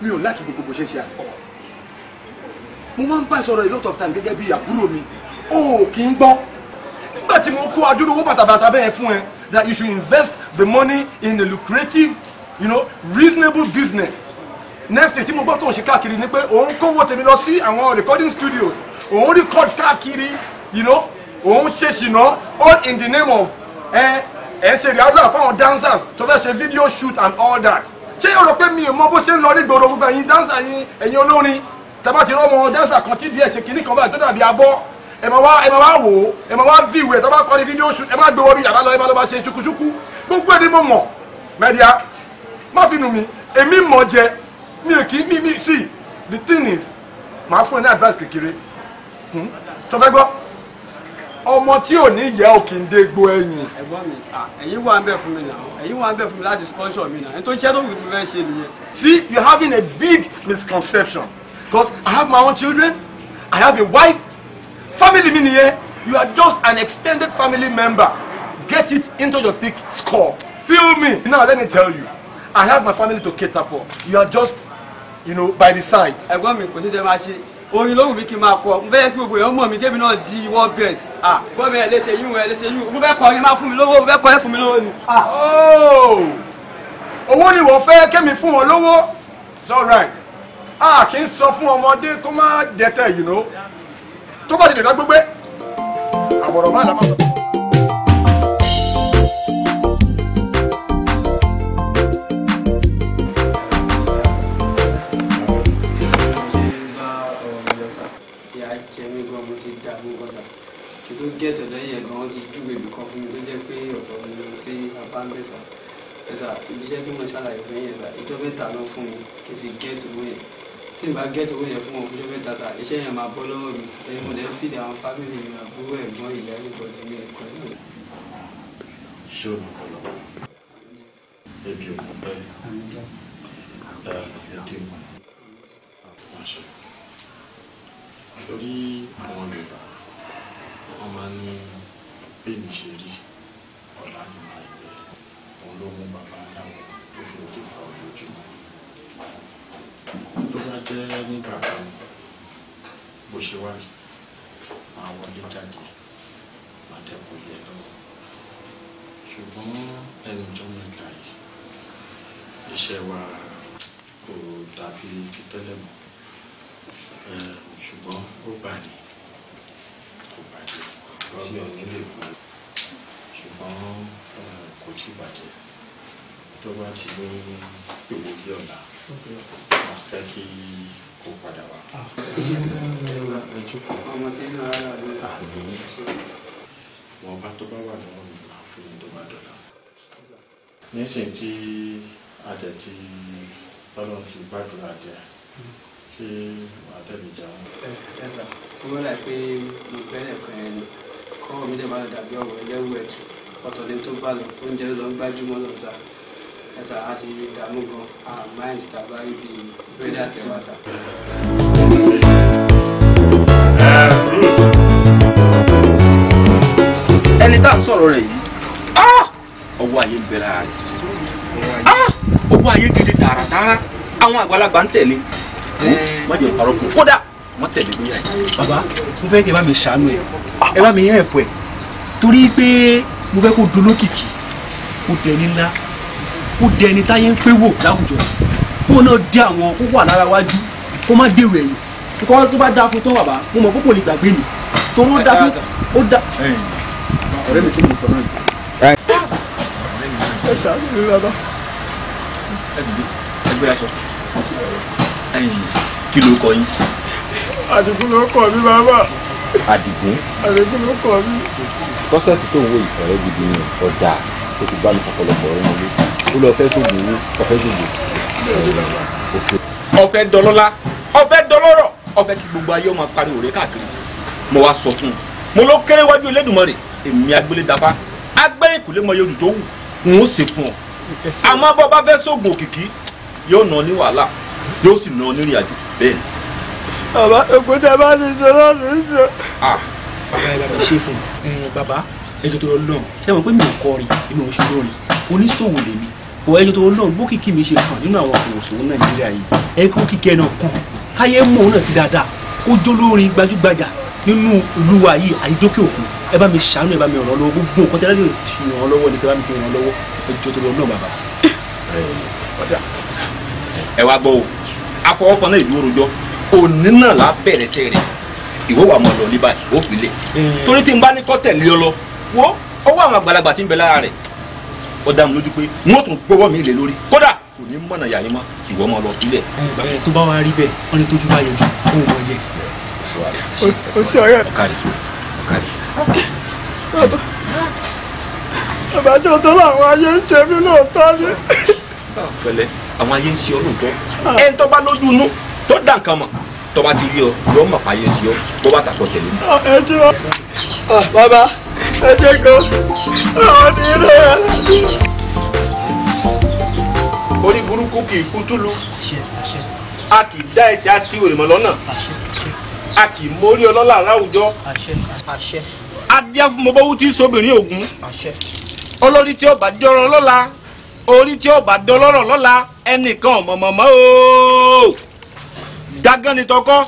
mi ò láti gbogbo bó ṣe ṣe àtọ mo máa ń bá sọ̀rọ̀ a lot of time gẹ́gẹ́ bí àbúrò mi o kì í gbọ́ nígbà tí mo kó adúrú owó bàtàbàtà bẹ́ẹ̀ fún ẹ that you should invest the money in a lucrative you know reasonable business next tí mo gbọ́ tó ń ṣe káàkiri ni pé òun kówó tèmi lọ sí àwọn recording studios òun record káàkiri you know òun ṣe ṣìnà all in the name of ẹ eh, ẹ ṣe rehearsal fáwọn dancers tó fẹ́ ṣe video shoot and all that ṣé o rò pé mi ò mọ bó ṣe ń lọ ní gbòòrò gbogbo ẹ̀yin dancer yín ẹ̀yin olórin tẹ́bá ti rọ́mọ dancer kan tí díẹ̀ ṣe kìíní kan báyìí tó dàbí abọ́ ẹ máa wá ẹ máa wá wò ó ẹ máa wá view ẹ tó bá kọ́ video shoot ẹ máa gbé wọ́n bí yàrá lọ ẹ máa lọ bá ṣe ṣukuṣuku gbogbo ẹni mo mọ̀ mẹ́díà má fi nù mí èmi mọ̀ jẹ mi ò kì í mi mi si." the thing is màá fún ẹ ní advice kékeré tó hmm? fẹ́ gbọ́ ọmọ tí ò ní yẹ ò kì í dé gbó ẹ̀yìn. ẹ̀gbọ́n mi ẹ̀yin wà ń bẹ̀ fún mi náà ẹ̀yin wà ń bẹ̀ fún mi láti sponsor mi náà ẹni tó ń ṣẹ́ tó fi fẹ́ ṣe nìyẹn. see you are having a big misconception because I have my own children I have a wife family mi nìyẹn you are just an extended family member get it into your thick skull feel me now let me tell you I have my family to cater for you are just you know, by the side. ẹ̀gbọ́n mi kò sí tẹ́ máa ṣe orin lóhùn mi kí n máa kọ n fẹ́ kí gbogbo èèyàn mọ̀ mí kébì náà di world best gbọ́n mi ẹ̀ léṣe yín ẹ̀ léṣe yín mo fẹ́ kọ yín máa fún mi lówó mo fẹ́ kọ yín fún mi lówó ni. Oh! owó ni wọ́n fẹ́ kémi fún wọn lówó it's alright a kì í sọ fún ọmọdé kó má dẹ́tẹ̀ yìí nó tó bá ti dènà gbégbé àbọ̀rọ̀ má làmà sọ. díẹ̀ tọ̀dọ̀ yẹn gan wọ́n ti júwe ibì kan fún mi tó jẹ́ pé ọ̀dọ̀ mi tí a bá ń bẹ̀sà ẹ̀sà ibiṣẹ́ tí mo ṣàlàyé fún yẹn sà ìjọ mẹ́ta lọ fún mi kí n ti get owó yẹn tí n bá get owó yẹn fún wọn fún ìjọ mẹ́ta sà iṣẹ́ yẹn máa bọ́ lọ́wọ́ mi ẹni mo lẹ́ fìdí àwọn fámìlì mi àbúrò
ẹ̀gbọ́n ìyá ìbọ̀dẹ̀ mi ẹ̀kọ́
náà. o nìkan wọ́n máa ní bẹ́ẹ̀ni ṣe rí ọ̀la ni máa yẹ òun ló mú bàbá aláwọ̀ tó fi ń tìfà ojoojúmọ́ tó bá jẹ́ nígbà kan bó ṣe wá yìí máa wọlé jáde
máa dẹ́kun yẹ lọ́wọ́ ṣùgbọ́n ẹnu jọ́ mẹ́ta yìí iṣẹ́ wa kò dàbí ti
mọ́ ṣùgbọ́n ó bá ní rọ́bì ọ̀yìn lè fò ṣùgbọ́n eh, kò tí bàjẹ́ tó bá ti ní ìwò bí ọ̀la a fẹ́ kí kó padà wá. Ah,
wọ́n bá tó bá wà lọ́wọ́ mi máa fún mi tó bá dọ̀la. nísìnyí tí a dẹ̀ ti lọ́nà ti gbàdúrà jẹ́
hmm.
ṣé wàá tẹ̀lé jẹun. ẹ ẹ sà ó wọ́n láì pé mo bẹ́rẹ̀ kan ẹ kọ́wọ́ mi dẹ̀ má lọ dàbí ọ̀wọ́ ẹ̀tù ọ̀tọ̀ ní tó bá lọ oúnjẹ lọ gbájúmọ́ lọ ẹ̀sà àti ìdààmú gan
àmáyìn tàbá ibi bírèdà kẹwàá
ẹni tá à ń sọ̀rọ̀ rẹ̀ yìí ah! ọwọ́ ayé ń bẹ̀rẹ̀ rẹ̀ ah! ọwọ́ ayé gidi tààràtààrà àwọn àgbàlagbà wọ́n tẹ̀lé lóyà yìí. bàbá mo fẹ́ kí ẹ bá mi ṣàánú ẹ ẹ bá mi yẹ ẹ̀pọ̀ ẹ torí pé mo fẹ́ kó dolókìkí kó dẹni ńlá kó dẹni táyé ń pé wò láwùjọ kó náà dé àwọn kó wà lára wájú kó má dèrò ẹ̀yìn kó wá tó bá dáa fún tán bàbá mo mọ̀ kó kò lè gbàgbé mi torí ó dáa fún ó dáa. ọ̀rẹ́ mi tí mo sọ náà ni. ẹ ṣàánú mi bàbá. ẹ dìde ẹgbẹ́ aṣọ kí ló kọ yín
àdìgún ló kọ mí bàbá. àdìgún. àdìgún ló
kọ mí.
kọ́sẹ̀sì tó ń wo ìfọ̀rẹ́ gidi ni ọ̀dà tó ti bá mi sọ̀pọ̀lọpọ̀ ọ̀rẹ́ mi
ó lọ fẹ́ sóògùn owó ọ̀fẹ́
sóògùn.
ọ̀fẹ́ dọlọ́lá ọ̀fẹ́ dọlọ́rọ̀ ọ̀fẹ́ kí gbogbo ayé ọmọ pariwo rẹ káàkiri mo wá sọ fún un mo ló kéré wájú Elédùmarè èmi agbélé dafa agbẹ́rẹ́ kò lè mọ yorùbá tó wù n ó ṣe fún ọ àmọ́ bọ́ bá fẹ́ sóògùn òkìkí yóò nà ọ ní wàhálà yóò sì nà ọ ní ìrìn bẹ́ẹ̀ ni bàbá òkúta bá ti sọ lọ́dún ń sọ. bàbá ẹ bá mi ṣe fún un bàbá ẹjọ́ tó lọ náà ṣé àwọn pé mi ò kọrin èmi ò ṣubú rìn oníṣòwò lèmi bọ ẹjọ́ tó lọ náà bókìkí mi ṣe kàn nínú àwọn òṣòwòṣòwò nàìjíríà yìí ẹ kó kíkẹ́ ẹ náà kàn káyé mọ̀ ọ́n náà sí dáadáa kó jó lórin gbajúgbajà nínú ìlú wa yìí àdídókè òkun ẹ bá mi ṣàánú ẹ bá mi ràn án lọ́wọ́ gbogbo nǹkan tẹ́lẹ̀ lè fi ràn án lọ́wọ́ ní kí ẹ bá mi fi ràn án lọ́wọ́ ẹjọ́ tó lọ náà bàbá. ọ̀dà ẹ wá gbọ́ o afọwọ́fọ náà ìdúró rojọ́ òní náà la bẹ̀rẹ̀ sẹ́ rẹ̀ ìwọ wà mọ̀ lọ ní báyìí ó fi lé hmm. torí tí n bá ní kọ́ tẹ̀lé ọ lọ wo ọwọ́ àwọn àgbàlagbà tí ń bẹ lára rẹ̀ ó dá mi lójú pé wọ́n tún gbọ́wọ́ mi lé lórí kódà kò ní mọ̀nà yàrá mọ́ ìwọ mọ̀ lọ sílẹ̀. ẹ tó bá wa rí bẹ́ẹ̀ wọ́n ní tójú bá yẹjú kó wọ́n yẹ. o ṣe ọ̀rẹ́ ọ̀kadì ọ̀kadì. bàbá tó tó làwọn ayé ń ṣe mí lóòótọ́ ni. báwo àwọn ayé ń ṣe ọ tó dà nǹkan mọ̀ tó bá ti rí ọ yọ mọ̀ pààyè sí ọ tó bá tàkọ tẹ̀lé.
Ah, ẹ jẹ́ ọ ah, bàbá ẹ jẹ́ kan ah, àwọn ti rí ẹ.
orí burúkú kì í kú túlù a kì í dá ẹsẹ̀ á òrìmọ̀ lọ́nà a kì í mórí ọlọ́lá láwùjọ adiafunmọ́bọ́wú tí sobìnrin ògún olórí tí ó bá dọ́rọ̀ lọ́la orí tí ó bá lọ́la ẹnìkan ọ̀mọ̀mọ̀mọ́ ooo dagán ni tọkọ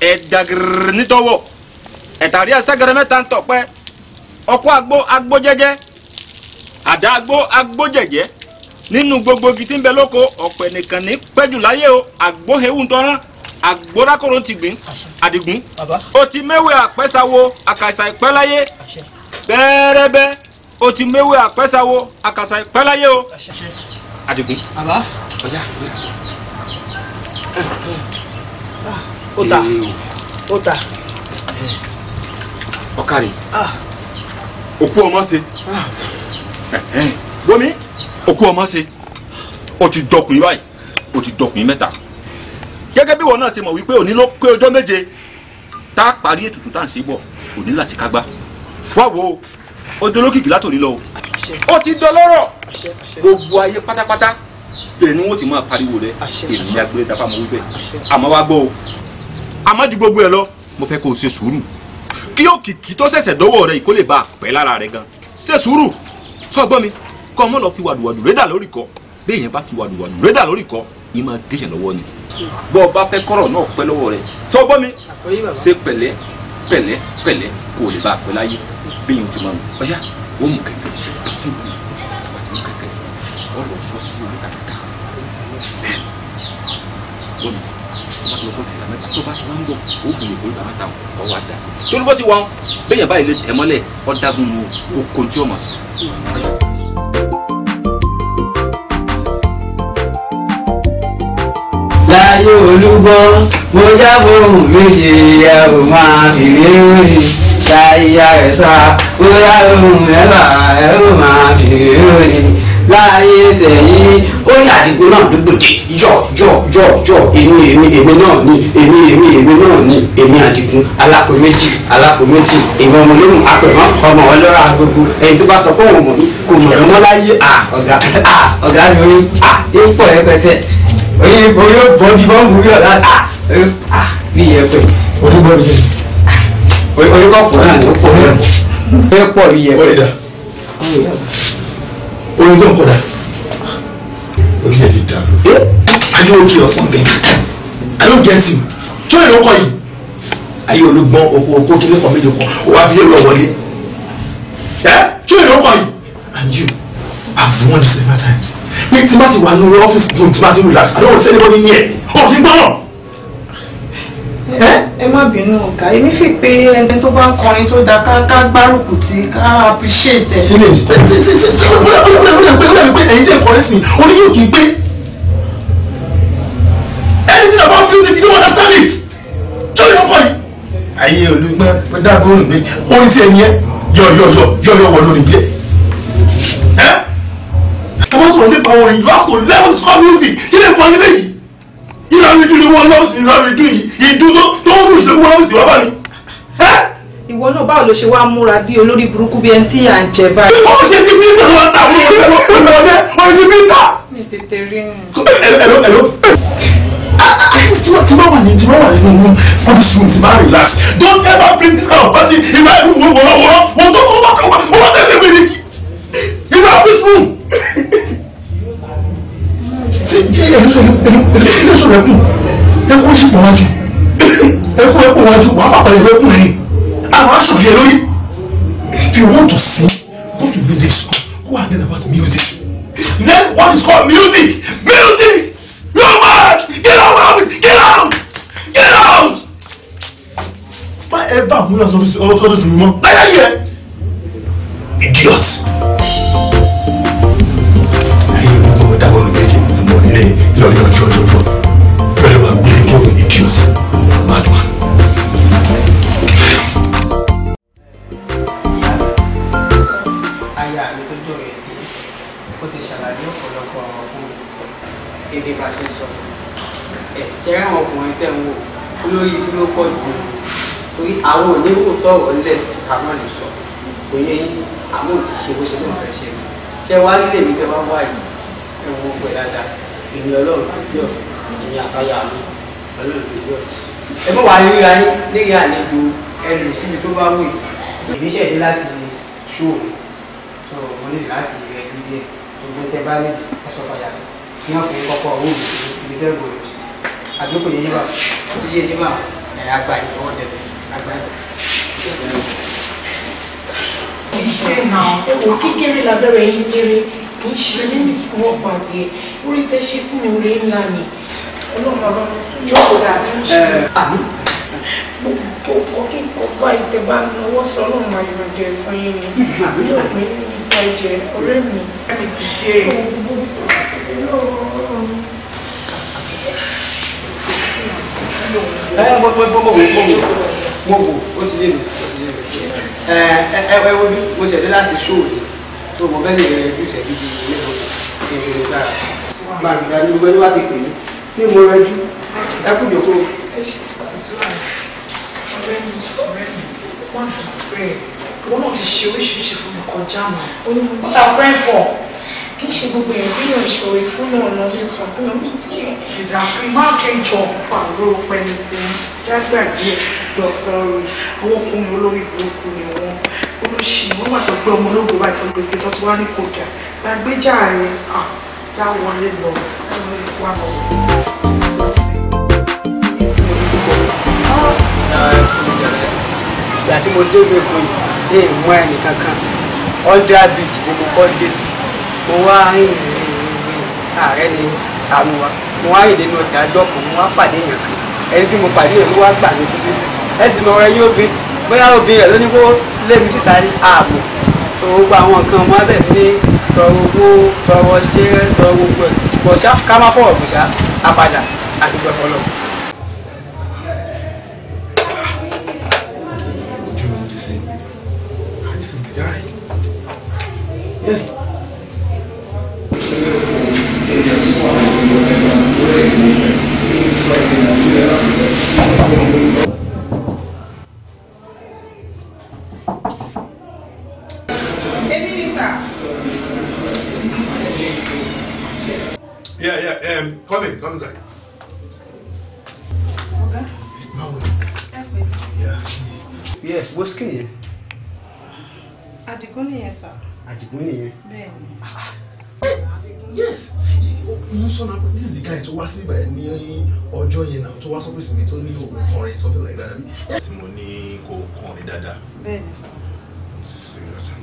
ẹ dagiriri ni tọwọ́ ẹ tàrí ẹsẹgẹrẹ mẹ́ta ń agbo agbo agbó agbó jẹjẹ agbo agbó agbó jẹjẹ nínú gbogbo igi tí ń bẹ lóko ọ̀pẹ nìkan ní pẹ́jù láyé o agbó hewu ń tọ́rán agbórakoro ti gbìn àdìgún o ti méwèé àpẹ́sáwo àkàṣà ìpẹ́láyé bẹ́ẹ̀rẹ́bẹ́ o ti méwèé àpẹ́sáwo àkàṣà ìpẹ́láyé o àdìgún. bàbá ọjà ìwé ó ta eh, ó ta. Eh, ọkàrí ah. òkú ọmọ ṣe wọ́n ah. eh, mi òkú ọmọ ṣe o ti dọkùn báyìí o ti dọkùn mẹ́ta gẹ́gẹ́ bí wọn náà ṣe mọ̀ wípé òní ló pé ọjọ́ méje tá a parí ètùtù tá à ń ṣe bọ̀ òní là sí ká gbá wá wo ọdún olókìkí látòrí lọ o ó ti dọlọ́rọ̀ gbogbo ayé pátápátá bẹ́ẹ̀ ni wọ́n ti máa pariwo rẹ èmi agbèrè ta fáwọn wípé àmọ́ wá gbọ́ o àmọ́ ju gbogbo ẹ lọ mo fẹ́ kó o ṣe sùúrù kí òkìkí tó ṣẹ̀ṣẹ̀ dọ́wọ́ rẹ ìkó lè bá a pẹ́ lára rẹ gan ṣe sùúrù sọ gbọ́ mi kọ́ ọmọ lọ fi wàdùwàdù rédà lórí kọ́ bẹ́ẹ̀ yẹn bá fi wàdùwàdù rédà lórí kọ́ ì máa gẹ̀yàn lọ́wọ́ ni bọ́ ọ bá fẹ́ kọ́rọ̀ náà pẹ́ lọ́wọ́ rẹ sọ gbọ́ mi ṣe pẹ̀lẹ́ pẹ̀lẹ́ pẹ̀lẹ́ kó lè bá a pẹ́ láyé bẹ́ẹ̀ yẹn ti máa ń
ọ̀yá wọ́n mú kẹ̀kẹ́
wọ́n lọ sọ sí orí kàkàkà bẹ́ẹ̀ wọ́n mi tó bá ti lọ sọ tìta mẹ́ta tó bá ti máa ń bọ̀ ó gbìyànjú pé bàbá ta ọ̀ wá dà sí tó ló bó ti wọ́n bẹ́yẹn báyìí lè tẹ̀ mọ́lẹ̀ ọ̀dàgùn mu ó kojú ọmọ sùn. láyé olúgbọ́ mo jábọ̀ méje ẹ̀rù máa fi léèrè láyé ayẹ̀sà bóyá ohun mẹ́fà ẹ̀rù máa fi léèrè láàyè sẹ́yìn ó yà àdìgbò náà dúgbòdì yọ yọ yọ yọ èmi èmi
èmi náà ni èmi èmi èmi náà ni èmi àdìgún alákò méjì alákò méjì èmi ọmọ
lóhùn apẹ̀mọ́ ọmọ ọlọ́rọ̀ agogo ẹni tó bá sọ pé òun mọ̀ mí kò mọ̀ ẹ́ mọ́ láyé à ọ̀gá à ọ̀gá mi orí à é pọ̀ ẹ́ pẹ̀tẹ́ oye oye bọ́ọ̀dì bọ́ọ̀mù yọ̀ lá à à rí ẹ pẹ̀. orí bọ́ọ̀dì orí kọ̀ọ̀pọ̀ náà ni ó pọ̀ rí ẹ orin tó ń kọ́dà orí ẹ ti dà ẹ ayé òkè ọ̀sán gẹ̀ẹ́sì ayé òkè ẹ̀sì tó ìlú kọ yìí ayé olùgbọ́n oko oko kílé kan méje kan ó wá bí èrò ọ̀wọ́lé ẹ tó ìlú kọ yìí and you have won several times pé tí bá ti wà ní ọ́fíìsì tí bá ti relax I don't want to say anybody near ọ̀ kí gbọ́n ẹ má bínú ọ̀gá
èmi fi pé ẹni tó bá ń kọrin tó dáa ká
ká gbárùkù tí ká appreciate ẹ. ṣe lè ṣe ṣe ṣe ṣe ó dàbí pé ó dàbí pé ẹ̀yin tẹ̀ ń kọrin sí i orí yóò kì í pé ẹni tí a bá fi ṣe you don't understand it tó yọ kọ́ yìí. ayé olùgbọ́n pé dábò ń gbé orin tí ẹni yẹ yọ yọ yọ yọ yọ wọ lórí bílẹ̀ ẹ. àwọn sọ̀rọ̀ nípa wọn you have to learn to score music ṣe lè kọrin léyìí ìrànlójú ni wọ́n lọ́ọ̀sì ìrànlójú yìí ìdúró tó ń rùn ìṣẹ́gun lọ́ọ̀sì wá bá ní. ìwọ náà báwo ló ṣe wá
múra bí olórí burúkú bíi ẹni tí à ń jẹ báyìí. bí wọ́n ṣe ti bí náà wọ́n ta àwọn ọ̀rẹ́ wọn pẹ̀lú ọ̀rẹ́ wọn
ti bí ta. mi tètè rí nù.
ẹ̀rọ ẹ̀rọ tí
wọ́n wà ní tí wọ́n wà nínú room office room ti máa relax don't ever bring this kind of person in my room wọ́n wọ́n wọ́n wọ́n tó wọ́n wọ́n tẹ̀sí mi ní in office room. If you want to sing go to music school go and learn about music learn what is called music music no match get out of it get out get out. má ẹ bá
idiot. Hey, yo, yo, yo, yo, yo. Relevant believe you idiot. Madman. Aya
mi tó jọ rẹ̀ tí ó ti ṣàlàyé ọ̀pọ̀lọpọ̀ àwọn fún mi. Gẹ́gẹ́ bá ṣe ń sọ. Ẹ̀ ṣe rẹ́ àwọn ọkùnrin tẹ̀ ń wò olórí ibi ló pọ̀ jù lọ. Torí àwọn oníwò tọ̀rọ̀ lẹ̀ àmọ́ lè sọ. Òye yín àmọ́ ti ṣe bó ṣe ló ń fẹ́ ṣe. Ṣé wá nílé mi tẹ́ wá wáyé? Ẹ̀wọ̀n pẹ̀ dáadáa èmi ọlọ́run tó bí ọ̀sán èmi àtàyà mi ọlọ́run tó bí ọ̀sán. ẹ bọ́ wàá ríra yín lérí àlejò ẹlò síbi tó bá wù yìí èmi ṣẹ̀dí láti ṣó tó mo ní láti rẹ ní díẹ̀ gbogbo tẹ bá lè ẹ sọ fàyà kí wọ́n fi kọ́kọ́ owó mi ibi tẹ́ gbòòrò sí àdókò yẹn yíwà ó ti yé yíwà ẹ̀ àgbà ìtọ́wọ́ tẹ̀sẹ̀ àgbà ìtọ́wọ́.
ìṣe náà ewu kékeré lábẹ́rẹ́ yín kéré kì í ṣe nínú
ìfowópamọ́ àti ẹ̀ orí tẹ́ ṣe fún mi orí ńlá ni
ọlọ́run bàbá mi tún jókòó dàbí ń ṣe
àmì gbogbo ọkẹ́ ìkọ́gbà ìtẹ̀bá lọ́wọ́ sọ ọlọ́run máa yọ jẹ fún yín ni àmì òpin nípa ìjẹ ọ̀rẹ́ mi mi ti jẹ
ẹ ẹ bọ́ bọ́ bọ́ ẹ wo bí mo ṣẹ̀dá láti ṣóòlù tó mo fẹ́ lè rẹ ju ìṣẹ́jú bí mélòó kékeré sára máa gbà ní gbogbo ẹni wá ti pè mí ní mo rẹjú dákú jòkó. ẹ ṣe sàdúrà ọ̀rẹ́
mi ọ̀rẹ́ mi wọn dùpẹ wọn náà ti ṣe oríṣiríṣi fún mi kọjá mọ ó ní mo ti ta fẹ́ fọ kì í ṣe gbogbo ẹ̀
bí yóò ṣe orí fún sọ fún mi tí ẹ̀. ìzàpè pàrọ̀ pẹ̀lú pẹ̀lú dágbàgbé ẹ̀ olóṣì wọn wà tó gbé ọmọ ológo wa ìtọ́ gbèsè tó ti wá ní kódà gbàgbéjà rẹ já wọlé lọ wà lọ. ìgbà tí mo dé ìwé kan yìí ní ìmú ẹnì kankan ọ̀dà bíjì ni mo kọ́ dé sí mo wá ààrẹ ni sànù wa mo wá ìdènà ọ̀dà àjọkùn mo wá pàdé èèyàn kan ẹni tí mo pàdé èèyàn ló wá gbà mí síbí ẹ sì mọ ọ̀rẹ́ yóò bí bóyá òbí rẹ ló ní kó lẹ́mi síta ní ààbò gbogbo àwọn nǹkan ọmọ abẹ ní tọrọ owó tọrọ ṣe tọrọ gbogbo ẹ bọ̀ṣá ká má fọwọ́ bọ̀ṣá àpàdà àdúgbò ọlọ. Would you not listen? Ah, this is the guy. Yeah.
Thank you. yeah, yeah, um, come in, come inside.
Ọ̀gá. Báwo ni? Ẹ pè
mí. Yes, sir. yẹn. Àdìgún nìyẹn Yes, this is the guy tó wá by ibà or ọjọ́ now to tó wá sọ́fíìsì mi me ní òun kọrin something like that. Tí Money go kò dada. dáadáa. Bẹ́ẹ̀ni sà. Mo ti sinmi ọ̀sán.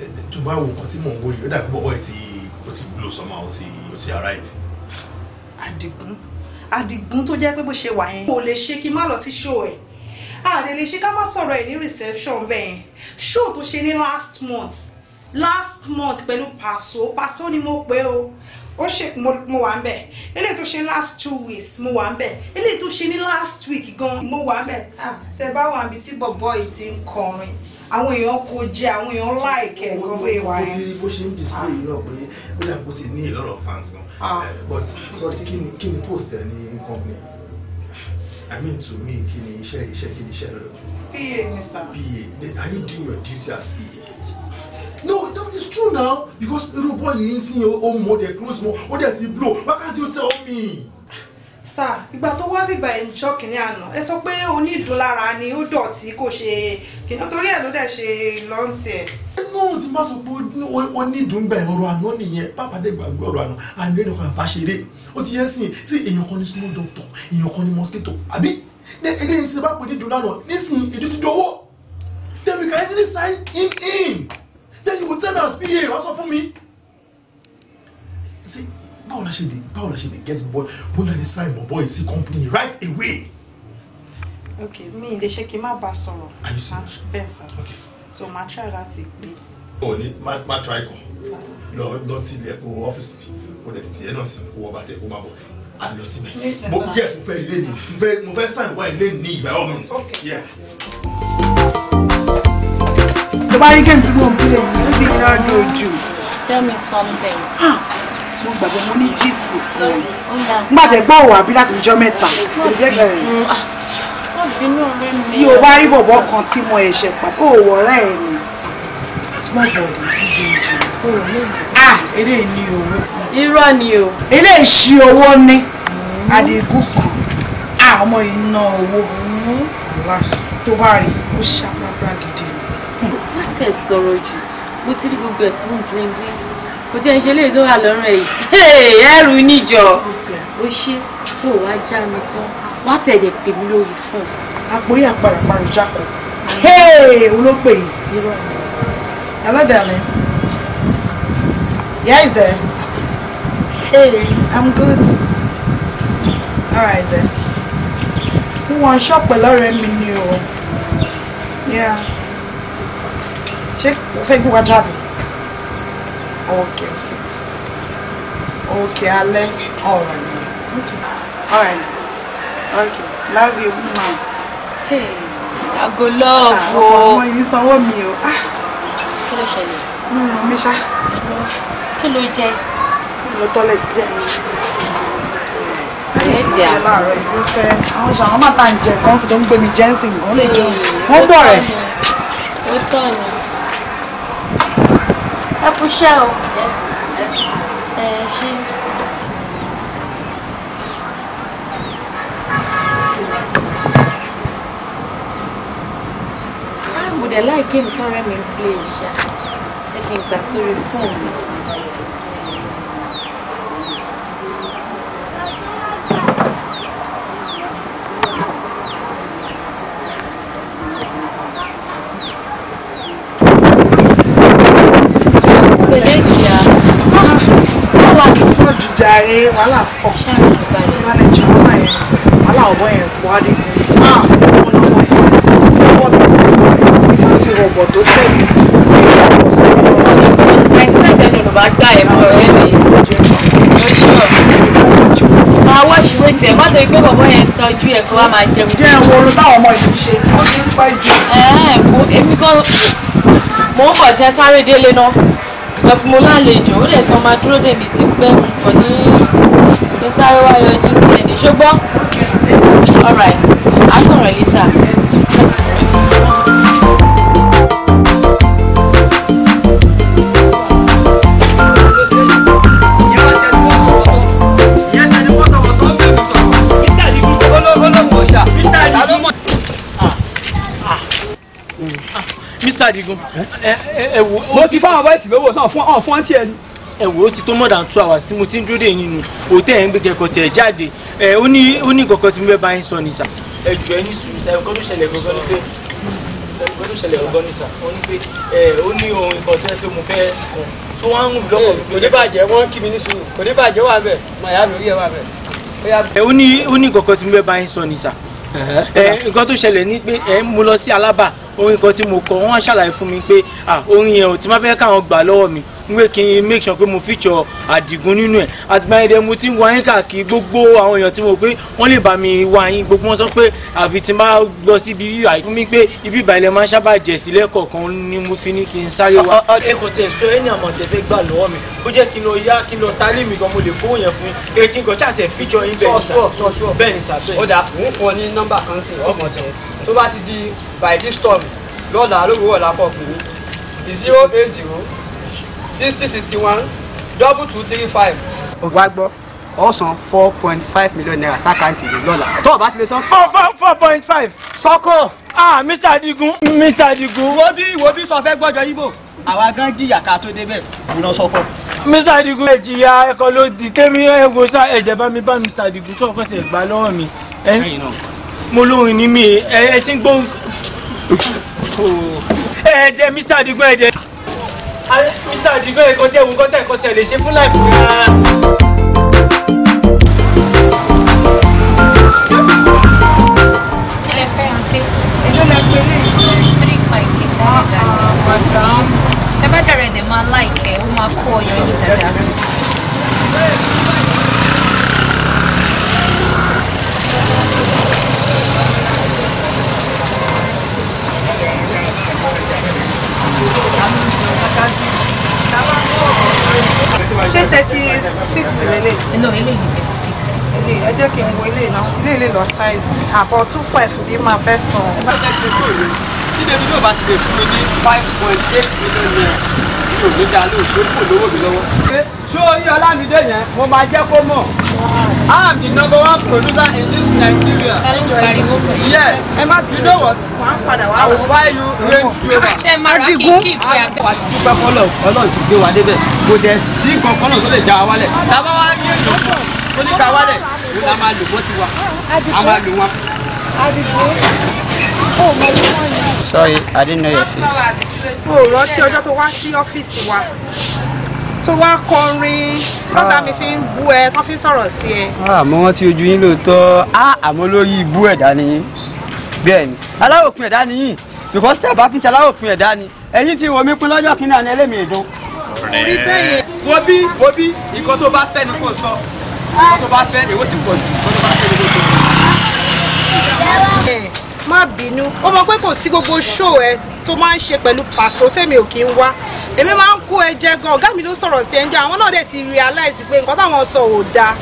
Eh, tó bá wo nǹkan tí mò ń wòye, blow somehow ó ló ti arrive. àdìgún àdìgún tó jẹ́ pé bó ṣe wà
yẹn kò lè ṣe kí n má lọ sí show ẹ̀ àdè lè ṣe ká má sọ̀rọ̀ ẹ̀ ní reception bẹ́ẹ̀ yẹn show tó ṣe ní last month last month pẹ̀lú Paso Paso ni mo pè o ó ṣe mo wà ń bẹ̀ eléyìí tó ṣe last two weeks mo wà ń bẹ̀ eléyìí tó ṣe ní
last week gan mo wà ń Ah, tẹ bá wà ń bi tí bọ̀bọ̀ yìí ti ń kọrin àwọn èèyàn kò jẹ àwọn èèyàn láìkẹ nǹkan bóyá wà yẹn. mo ti rí bó ṣe ń display yìí náà pé ó dà bó ti ní a lot of fans gan ah. eh, but sorry kí ni kí ni post ẹ ní company i mean to me kí ni iṣẹ́ iṣẹ́ kí ni iṣẹ́ lọ́dọ̀. pa ni sir. pa are you doing your duty as pa no no it's true now because irú bọ́ọ̀lù yìí ń sìn ó mọ̀ ó dẹ̀ close mọ́ ó dẹ̀ ti blow why can't you tell me sà ìgbà tó wá bíbá ẹ̀ níjọ́ kìnínní àná ẹ sọ pé onídùúlára ni ó dọ̀tí kò ṣe kìnínní torí ẹ̀ ló dẹ̀ ṣe lọ́ǹtì ẹ̀. inú tí bá sọ pé onídùúgbà ọ̀rọ̀ àná nìyẹn pápá dé gbàgbé ọ̀rọ̀ àná àìlè ní ọkàn àbáṣeré ó ti yẹ sí i sí èèyàn kan ní small doctor èèyàn kan ní mosquito àbí eléyìí ń sin bá pè ní dùnlánà nísìnyí ìdí ti dọwọ́ then we can easily sign him in then you go tell me as pa wá sọ fún mi. see báwo la ṣe dey báwo la ṣe dey get boy wey na dey sign bobo yìí sí company right away.
ok mi lè ṣe kí n má bá a sọ̀rọ̀ ah, bẹ́ẹ̀ sọ so ma try láti pè.
o ní má try No, lọ lọ ti ilé ẹ̀kọ́ ọ́fíìsì mi kò dẹ̀ títí ẹ̀ náà sí kó wọ́n bá tẹ̀ kó yes mo fẹ́ ilé ni mo fẹ́ sign why? ilé ni by all means. Okay. Yeah. rí géèmù tí one ń tell me something. Huh. Ah! mo gbàgbọ́ mo ní gist fún un nígbà tẹ gbọ́ òwò àbí láti ìjọ mẹ́ta mm, ah,
tí o bá rí bọ̀bọ̀
kan tí mo ẹ̀ṣẹ̀ pàtó òwò ọ̀rẹ́ ẹ̀ ni. small body gígé jù ah eré ni owó.
irọ́ ni o. eré ìṣí owó ní adigun kan àmọ́ ah, iná owó mm-hmm. tó bá rí ó ṣàpápá gidi. wọ́n ẹ̀ sọ̀rọ̀ jù mo ti rí gbogbo ẹ̀ tó ń blé blé kò tí ẹ ṣe léyìí tó wà lọ́rùn ẹ̀
yìí ẹrù níjọ.
ó ṣe kó wá já mi tán wá tẹ̀lé
pè mí lórí fún un. àpòyí àparàparò jákò olóògbé yìí hello darling yeah
i'm good all right then fún wọn ṣọ́pẹ̀ lọ́rẹ̀ẹ́ mi ni o ṣé o fẹ́ gbé wa jáde.
Okay, okay.
Okay, I'll let you. All right, Okay. All right. Okay.
Love you, ma'am. Hey, I go love ah, you. Ọmọ yìí sanwó mi o.
Ah. Kí ló ṣẹlẹ̀? Mi ò mi ṣá. Kí ló jẹ?
Lọ tọ́lẹ̀tì díẹ̀ ni. Ẹ̀jẹ̀ àná. Àwọn ṣàwọn máa ta ń jẹ kan sì tó ń gbé mi jẹ́nsìn. Wọ́n lè jẹun. Wọ́n bọ̀ rẹ̀. Ó tọ̀
ni
ẹ kú iṣẹ́ o ẹ ṣe.
mo dẹ̀ láì kí nǹkan rẹ̀ mi ń play ìṣá jẹ́ kí n
jàre wàhálà pọ̀ tí wọ́n lè jọ ọmọ yẹn wàhálà ọ̀bọ yẹn pọ̀ á dé ah ọmọ lọ́wọ́ yẹn fẹ́ wọ́ mi bí tí mo ti rọ̀gbọ̀ tó fẹ́ mi ní ìyàwó sọ wọn. ẹ̀sìn ẹ̀dẹ́nu ló bá gbà ẹ̀ mọ́ ọ̀rẹ́ mi ló ṣe
ọ̀tún. máa wọ́ọ̀ṣì wé tiẹ̀ má lóye pé bọ̀bọ̀ yẹn ń tọ́jú ẹ̀ kó wá máa jẹun. jẹ́ ẹ̀wọ̀n olú táwọn ọmọ yìí ṣe ó ti ń pẹ́ jù. ẹ̀ẹ́ mo èmi kọ́ mo ń bọ̀ jẹ́ sáré délé náà lọ fún mo lálejò ó dẹ̀ sọ ma dúró dèmi ti pẹ́ mi kàn ní kí n sáré wá yọjú sí ẹni ṣùgbọ́n all right a sọ̀rọ̀ later.
Mr. Adigun ẹ ẹ wo. mo ti fáwọn bọ́ìsì lówó sàn fún ọ̀ fún ọ́ntì ẹni ẹ wò ó ti tó more than two hours tí mo ti ń dúró dè yín nu òtẹ́ ẹ̀ ń gbé kẹ́kọ̀ọ́ tẹ̀ jáde ẹ ó ní ó ní kọ̀ọ̀kan tí mo fẹ́ bá yín sọ nìsà. ẹ jù ẹ ní sùúrù sa ẹ̀kọ́ tó ṣẹlẹ̀ gbọ́gbọ́ ní pé ẹ̀kọ́ tó ṣẹlẹ̀ gbọ́gbọ́ ní sà ó ní pé ẹ ó ní ohun nǹkan tó mo fẹ́ kàn tó wá ń rùn lọ́kọ̀ kò ní bàjẹ́ wọ́n kí mi ní sùúrù kò ní bàjẹ́ wà bẹ́ẹ̀ màyà mi rí wà bẹ́ẹ̀. ẹ ó ní ó ní kọ̀ọ̀kan tí mo fẹ́ bá yín sọ nìsà nǹkan tó ṣẹlẹ̀ ni pé ẹ mo lọ sí Alábà orin kan tí mo kọ wọ́n ṣàlàyé fún mi pé orin yẹn ò ti máa fẹ́ káwọn gbà lọ́wọ́ mi wípé kí n make sure pé mo feature àdìgún nínú ẹ̀ àtìgbàyẹ̀dẹ̀ mo ti ń wá yín káàkiri gbogbo àwọn èèyàn tí mo pé wọ́n lè bá mi wá yín gbogbo wọn sọ pé àfi tí n bá lọ sí ibi bíbà fún mi pé ibi ìbà ilẹ̀ máa ń sábà jẹ̀ sílẹ̀ kọ̀ọ̀kan ni mo fi ní kí n sáré wá. ẹkọ tẹ sọ ẹni àmọ tẹfẹ gbà lọ́wọ́ mi ó jẹ kí n lọ yá kí n lọ ta lémi gan mo lè kó yẹn fún yín èyí kí n kàn ṣáà tẹ feature yín bẹ́ẹ̀ ni bẹ́ẹ̀ ni sàbẹ. ó dà mò ń fọ ní nọ́mbà kan sí ọgbọ̀n sẹ́yìn tó bá ti di by this storm lọ́la lówùúrọ̀ lápọ̀ pé zero eight zero sixty sixty one double two three five. wá gbọ́ ó san four point five million naira sákàǹtì yìí lọ́la tó o bá ti lè san. four four four point five. sọ́kò. ah mr adigun mr adigun. wo bí wo bí sọ fẹ́ gbọ́dọ̀ ibo àwa gan jìyà ká tó débẹ̀ ìná sọ́kò. mr adigun ẹ jìyà ẹkọ ló di kémi ẹgbẹ sá ẹjẹ bá mi bá mr adigun sọkọ tẹ gbà lọ́wọ́ mi. mo lóhùn ní mi ẹ ẹ ti ń gbóhùn. ẹ mr adigun ẹ Mr. Adigun ẹ̀kọ́ tí ẹ̀wù kọ́tẹ̀ kọ́tẹ̀ lè ṣe fún láìpù rárá.
three five kejì ah,
ah, ah, ẹ bá dẹ̀rẹ̀ dẹ̀ máa láìkẹ́ ó máa kó ọyàn yìí dáadáa.
ṣé thirty
six lele. no eléyìí ni thirty six. eléyìí ẹ jẹ́ kí n wo eléyìí náà eléyìí lè lọ size
àbọ̀ two five bí máa fẹ́ sàn. ṣé débi yóò bá ti lè fún mi ní five point eight million naira kò ní da lóò tó kò lówó mi lọ́wọ́. ṣé I am the number one producer in this Nigeria. yes you know what I will buy you range rover. adigun àti dúpẹ́ kọ́lọ̀ ọlọ́run ti gbé wa débẹ̀ kò dẹ̀ sí kankan náà tó lè já wa wálẹ̀ tàbá wa ní ètò ó ní ká wálẹ̀ ó ní a máa lò bó ti wà a máa lò Sorry, I didn't know your face. Mo rántí ọjọ́ tó wá sí ọ́fíìsì wa tó wá kọrin tó bá mi fi ń bú ẹ tó fi ń sọ̀rọ̀ sí ẹ. Àmọ́ wọ́n ti ojú yín lóòótọ́ ah, àmọ́ lórí ibú ẹ̀dá ni yín bẹ́ẹ̀ ni aláwòpin ẹ̀dá ni yín because tẹ́ ẹ̀ bá pín ṣe aláwòpin ẹ̀dá ni ẹ̀yin ti wò mí pín lọ́jọ́ kìíní àná ẹlẹ́mìí ìdún.
Orí bẹ́ẹ̀
wo bí wo bí nǹkan tó bá fẹ́ ni kò sọ nǹkan tó bá fẹ́ èwo ti pọ̀ jù nǹkan tó bá fẹ́ ni kò sọ má bínú ó mọ pé kò sí gbogbo ṣó ẹ tó máa ń ṣe pẹ̀lú
pàṣọ tèmi ò kí ń wá èmi máa ń kó ẹ gan ọ̀gá mi ló sọ̀rọ̀ sí ẹjọ́ àwọn náà dẹ̀ ti realize pé
nǹkan táwọn sọ ò dáa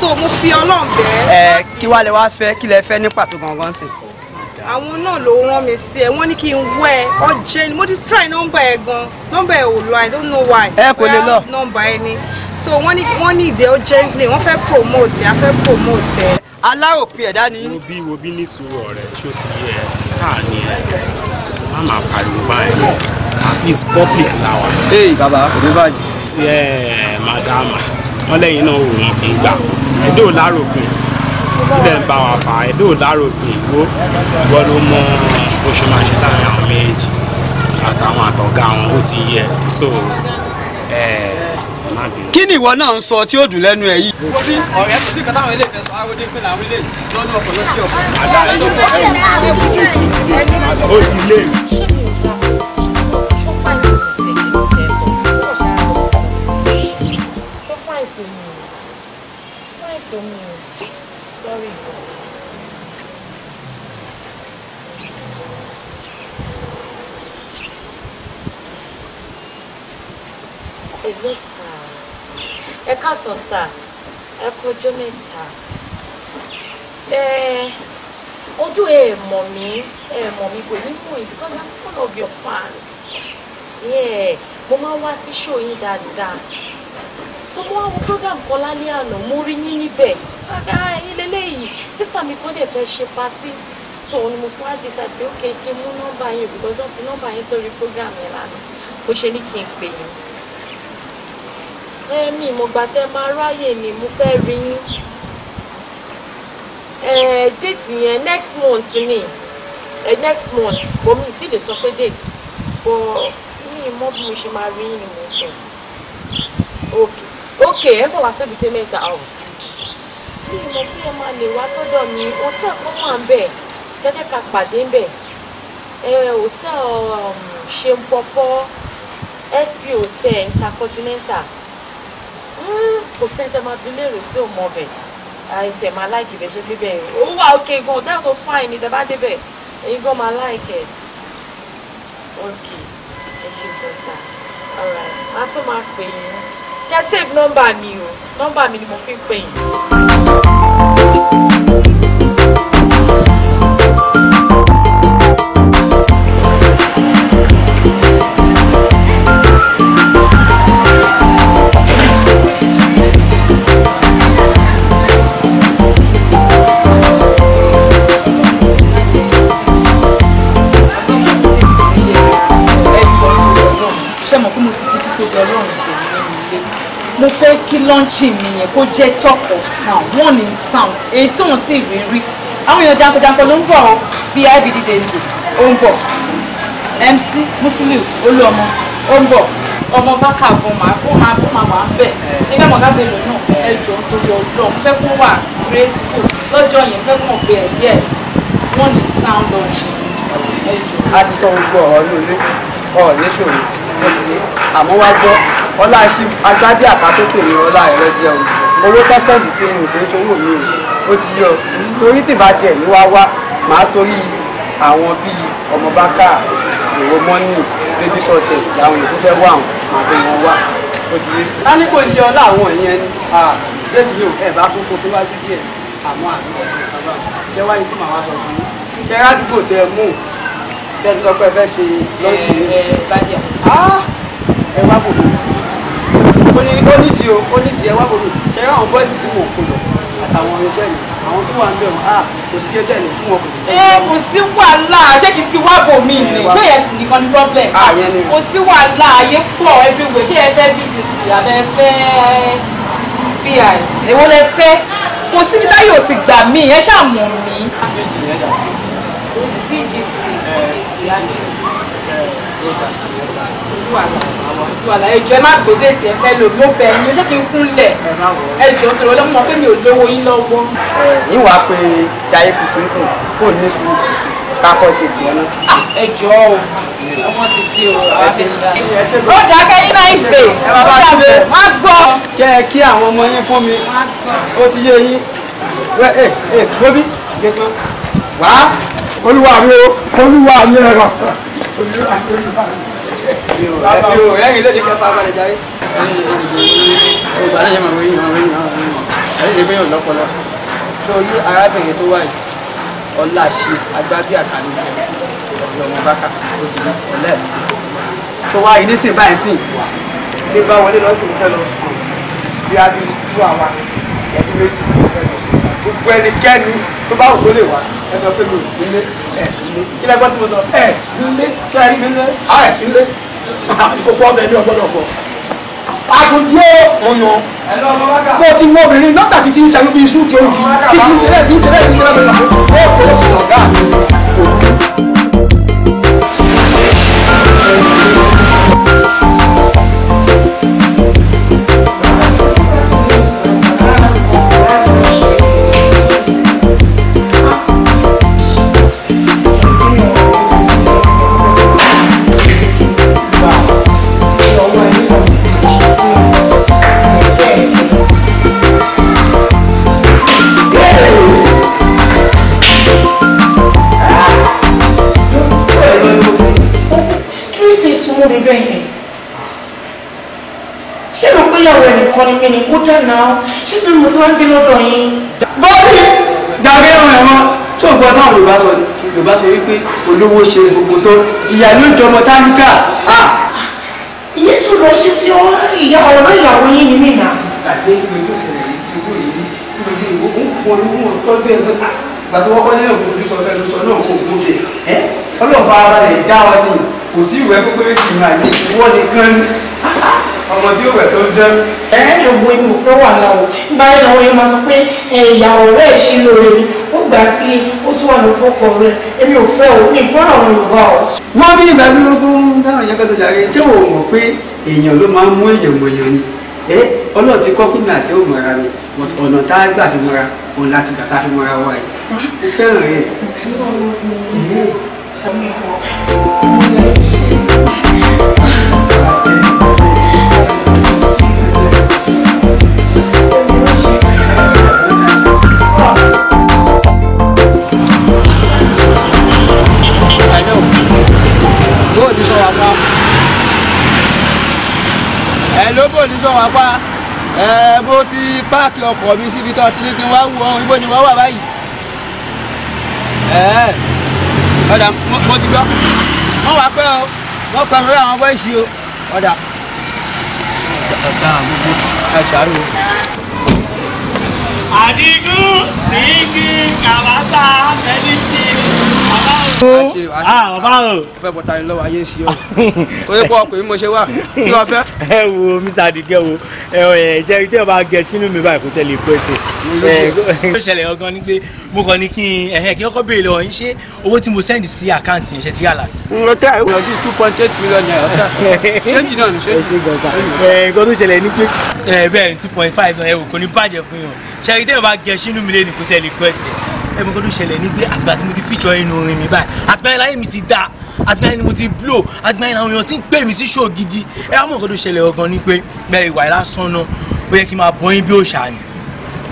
so mo fi ọlọ́run bẹ́ẹ̀. ẹ kí wàá lè wá fẹ́ kí lẹ fẹ́ ní pàtó gangan sí i
àwọn náà ló rán mi sí ẹ wọn ní kí n wẹ ọjẹ ni mo ti try nọmba ẹ gan nọmba ẹ ò lọ i don't know why ẹ kò lè lọ nọmba ẹ so wọn ní wọn
ní ìdẹ urgently wọn fẹ́ promote ẹ a fẹ́ promote ẹ aláròpin ẹ̀dá ni. wo bí wo bí ní sùúrù ọ̀rẹ́ ṣó ti yẹ star ni ẹ má máa pariwo báyìí at least public la wà. ee baba òbí bàjẹ́. ti ẹ madama wọn lẹ́yìn náà wò wọn kì í gbà ẹdó láròpin ilẹ̀ ń bá wa fà ẹdó láròpin ìwó ìwọ ló mọ bó ṣe máa ṣe láàrin àwọn méjì àtàwọn àtọ̀gá wọn ó ti yẹ so Eh, kí ni ìwọ náà ń sọ tí ó dùn lẹ́nu ẹ̀ yìí. mo ní ọ̀rẹ́ kò sí kàtàwọn ilé ìfẹsọ̀ arọ́dé pé làwọn ilé lọ́nà
ọkọ̀ lọ́sí ọ̀pọ̀ àdáyé sọ́kọ̀ ó ti lé.
It was ẹ káàsán sà ẹ kú ọjọ́ mẹ́ta ojú ẹ mọ̀ mí ẹ mọ̀ mí kò ní mọ̀ ìdíkọ́ ní one of your fans yeah mo máa ń wá sí show yín dáadáa so mo wá wo program kan lálẹ́ àná mo rí yín níbẹ̀ ọ̀gá ẹ̀yin lélẹ́yìí sísá mi kan dẹ̀ fẹ́ ṣe pátí so ni mo fún wa decide pé ó kéèké mú nọ́mbà yín because wọ́n fi nọ́mbà yín sórí program yẹn lánàá bó ṣe ní kí n pè yín ẹ mi ìmọ̀gbà tẹ máa ráyè ni mo fẹ́ rí yín déètì yẹn next month ni ẹ next month bọ́ mi ti lè sọ pé déètì bọ́ mi mọ̀ bí mo ṣe máa rí yín ni mo fẹ́ ok ok ẹ bọ̀ wá síbi tẹ́ mẹ́ta ọ̀hún mi ìmọ̀ bí ẹ máa lè wá sọ́dọ̀ mi hotel kan wà ń bẹ̀ jẹ́jẹ́ ká pàdé ń bẹ̀ hotel um, ṣe ń pọpọ́ sp hotel intercontinental kò sẹ́ni tẹ́ máa fi léèrè tí ò mọ ọbẹ̀ àìtì ẹ̀ máa láìkì bẹ́ẹ̀ ṣe bíbẹ̀ ẹ̀ ó wà òkè gan dáhùn tó fáìn ní tẹ́ débẹ̀ ẹ̀yin gan máa láìkì òkè ẹ̀ ṣe bọ̀ sá alright má máa pè yín kẹ́ save nọ́mbà mi o
nọ́mbà mi ni mo fi ń pè yín.
mo fẹ́ kí lọ́ńchì mi yẹn kó jẹ́ talk of town one in town èyí tóun ti rí rí àwọn èèyàn jàǹkànjàǹkàn ló ń bọ̀ ọ́ bí ibd dèndé ó ń bọ̀ mc musiliu olúọmọ ó ń bọ̀ ọmọ bákà bọ̀ máa bọ̀ wà ń bẹ̀ nígbà mọ̀ gáfẹ́ lò náà ẹjọ́ tó yọ ọdọ̀ mo fẹ́ kó wà graceful lọ́jọ́ yẹn fẹ́ mọ̀ pé yes one in town lọ́ńchì ẹjọ́.
a ti sọ gbogbo ọ̀rọ̀ ní ilé ọ̀ níṣòro ó àmọ́ wá gbọ́ ọlá ṣì agbádé àkátótè ni ọlá ẹ̀rọ jẹ́ o owó tẹ́sẹ̀ǹdì sí irun ìpínlẹ̀ owó mi o ó ti yọ torí tìbá tiẹ̀ ní wá wá màá torí àwọn bíi ọmọ bákà òwò mọ́nì bébí success àwọn ìlú fẹ́ wá àwọn àti wọn wá ó ti yé ká ní kò ṣe ọlá àwọn ìyẹn ni déètì yìí ẹ bá kún fún síwájú díẹ̀ àmọ́ àdúgbò ṣe ìjọba ṣé wáyé tí màá wá sọ fún yín ṣé rádìgbò tẹ ẹ mú tẹ ẹ ti sọ pé ẹ fẹ́ ṣe lọ́ọ̀ṣì yìí ah! ẹ wá bò mí ó ní ó nídìí o ó nídìí ẹ wá wò ṣe àwọn bọ́ìsì tí mo kò lọ àtàwọn irinṣẹ́ mi àwọn tó wà ń bẹ̀ wọ́n á ah, kò sí ẹjẹ́ ìlú fún wọn ẹ eh, kò sí wàhálà ṣé kì í ti wá bò mí ni ṣé yẹn nìkan ni problem ah,
kò sí wàhálà ayé pọ̀ everywhere ṣé ẹ fẹ́ bdc abẹ́fẹ́ pi èwo lẹ fẹ́ kò síbi táyọ̀ ti gbà mí ẹ ṣàmù mí. bdc bdc àti bdc. Eh, eh, sí wàhálà ẹjọ́ ẹ má gbòdè tí ẹ fẹ́ lò mí ó bẹ ẹni ṣé kí n kúnlẹ̀
ẹjọ́ tọrọ lọ́mọ pé mi ò lówó yín lọ́wọ́. ìwà pé jayé kùtù ń sìn kó ní sùúrù kùtù kákọ́ ṣe tiẹ̀ náà. Ah, ẹjọ́ o ọmọ ti di o àwọn ṣe ṣá.
ó dákẹ́ ní nice day ṣàbẹ̀ wọ́n gbọ́.
kẹ́ ẹ kí àwọn ọmọ yín fún mi ó ti yé yín wẹ́ ẹ̀ ẹ̀ síbóbí gẹ́gẹ́ wá olúwa mi o olúwa mi ẹ̀rọ olúwa mi olúwa mi ẹ̀fí o ẹ̀rìn lóde kẹfà balẹ̀ jáde. ìgbà náà yẹn máa wéyìn máa wéyìn máa wéyìn ẹ̀yìn ṣe pé yóò lọ́pọlọ. tó yí arábìnrin tó wà yìí ọlá ṣe agbábí àkànní ọmọ bákà ó ti ní ọlẹ́ mi. tó wá yìí nísìn báyìí sìn ṣé bá wọlé lọ́sìn fẹ́ lọ bí a bí tú àwọn àṣìṣe ẹbí méjì gbogbo ẹnikẹ́ni tó bá wù tó lè wá ẹ sọ pé mi ò sí lé ẹ̀ sí lé kí lẹ́gbẹ́ tí mo sọ ẹ̀ sí lé tí a rí mi lé a ẹ̀ sí lé ìkókó ọbẹ̀ mi ọgbọ́dọ̀ kọ. aṣojú ọyàn kó o ti wọ obìnrin nọ́tà tí ti ń sẹ́nu bí iṣu ti o yìí kí ti ń ṣẹlẹ̀ ti ń ṣẹlẹ̀ ti ń ṣẹlẹ̀ mi lọ. ó kò sí ọ̀gá mi. ẹ̀kọ́ ni mí ni kódà náà
ṣé tí mo ti wá ń gbé lọ́dọ̀ yín. bọ́ọ̀lì
gbàgbé ọ̀rọ̀ ẹ̀rọ tó gbọ́ náà yorùbá sọ yorùbá sọ wípé olówó ṣe gbogbo tó ìyá ló jọmọ táníkà. ìyẹn tó lọ sí tí ó ìyá ọ̀rọ̀ ìyàwó yín ni mí nà. àgbẹ̀ ìgbẹ́ yóò ṣẹlẹ̀ yìí ìgbẹ́ yìí ìgbẹ́ yìí òun fún olówó tọ́jú ẹgbẹ́ gbàtí wọ́n kọ́ nílẹ̀ òkú sọ fẹ́ ló sọ náà kó kó ṣe ẹ́ ọlọ́ọ̀fà ara rẹ̀ dá wa ní kò sí ìwé pípé méjì máa ní ìwọ nìkan ní ọmọ tí ó wẹ̀ tó ń dán. ẹ ẹ lọ wo inú òfin wà náà o nígbà yẹn làwọn èèyàn máa sọ pé ìyàwó rẹ ṣí lóore ni ó gbà sí i ó tún wà ní fọkọ rẹ èmi ò fẹ́ o mi fọ́nà àwọn yorùbá o. wọ́n bí ìgbà bí ogún dáhùn yẹn kẹ́tọ́ jàre jẹ́ òun mọ̀ pé èèyàn ló máa ń mú èèyàn mọ̀yàn ni ẹ ọlọ́ọ̀ ti kọ́ pínlẹ̀ àti ó mọ̀ra ni ọ̀nà tá a gbà fi mọ́ra òun láti gbà tá a fi mọ́ra wáyé. mo fẹ́ràn rẹ̀. ló bò ní sọ̀rọ̀ apá ẹ bó ti páàkì ọkọ̀ mi síbi tó ti ní kí n wá wù ọ́n ibo ni wọ́n wà báyìí. ọ̀dà mo ti gbọ́ wọ́n wá pẹ́ o wọ́n pẹ́ mi rí àwọn bọ́ìsì o ọ̀dà.
Àdìgún sí kí kàwáṣà ẹni
tí
bàbá o. Ah,
fẹ́ bọ̀tà yín lọ́wọ́ ayé ń ṣe o. torí pé ọkùnrin mo ṣe wà kí wọ́n fẹ́. *laughs* ẹ wo Mr. Adike wo ẹ ẹ jẹ tí o bá gẹ sínú mi báyìí kò tẹ̀lé pé ṣe. ó ṣẹlẹ̀ ọgán ni pé mo kàn ní kí n kí ọkọ béèrè lọ́wọ́ yín ṣé owó tí mo sẹ́ndì sí àkáǹtì yẹn ṣe ti alert. mo tẹ ìwé ọdún two point eight million naira ọ̀tá ṣéǹjì náà ni ṣéǹjì. *laughs* ẹ nǹkan tó ṣẹlẹ̀ ni pé. ẹ bẹ́ẹ̀ two point five ẹ wò kò ní bàjẹ́ fún yàn ṣẹlẹ̀ tí o bá gẹ sínú mi lé ní kò tẹ̀lé pé ṣe ẹ mo kọ́ tó ṣẹlẹ̀ ní pé àtìgbà tí mo ti fíjọ inú orin mi báyìí àtìgbà yẹn láyé mi ti dáa àtìgbà yẹn ni mo ti blow àtìgbà yẹn làwọn èèyàn ti ń pè mí sí ṣó gidi ẹ á mọ̀ nǹkan tó ṣẹlẹ̀ ọ̀gan ni pé bẹ́ẹ̀ ìwà ìlàsán náà ó yẹ kí n máa bọ́ yín bí òòṣà ni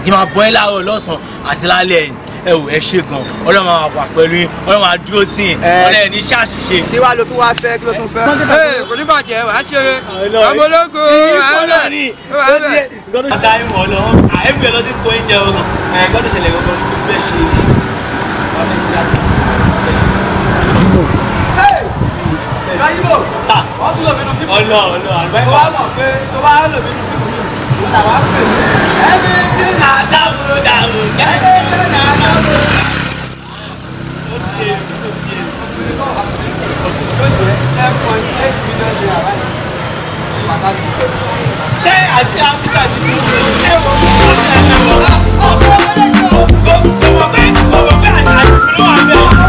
kí n máa bọ́ yín láàárọ̀ lọ́sàn-án àti lálẹ́ ẹ̀ ẹ ò ẹ ṣe gan ọlọ́run máa wà pẹ̀lú yín ọlọ́run máa dúró tì yín ọlọ́run ní ṣàṣìṣe. kí wàá ló tún wá fẹ́ kí ló tún fẹ́. ee kò ní bàjẹ́ wà á ṣe ọmọ ológo àárẹ̀ àárẹ̀. gbọ́dọ̀ ṣe dáhùn ọ̀nà ẹ̀mí ọ̀nà ti kó oúnjẹ ọ̀nà ẹ̀ gbọ́dọ̀ ṣẹlẹ̀ gbọ́dọ̀ fẹ́ ṣe iṣu ìgbàyìnbó wọ́n tún lò mí nu ọlọ ọlọ àgbẹ̀ tó bá mọ̀ pé tó bá lò mí nu fíìmù yìí ó làwọn pè mí ẹbí
tí nà dáwúrò dáwúrò ẹbí tí nà dáwúrò ṣé àti àbúṣà ti kú ṣé wọ́n mú ọ̀ṣẹ̀ ẹ̀rọ ọ̀pọ̀ ọ̀pọ̀ ọ̀pọ̀ bẹ́ẹ̀ ọ̀pọ̀ bẹ́ẹ̀ àti ìpínlẹ̀ wà bẹ́ẹ̀.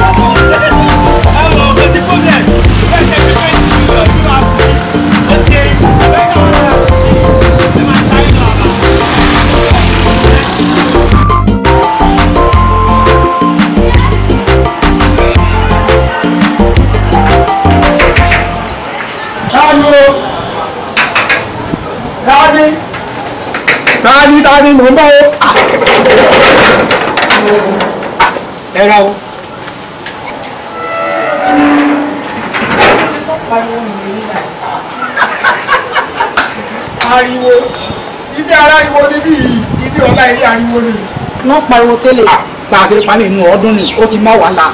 rárá o. ariwo ilé aláriwo ni bí ilé ọlá ilé ariwo ni. wọ́n pariwo tẹ́lẹ̀ pàṣẹ pani inú ọdún ni ó ti má wàhálà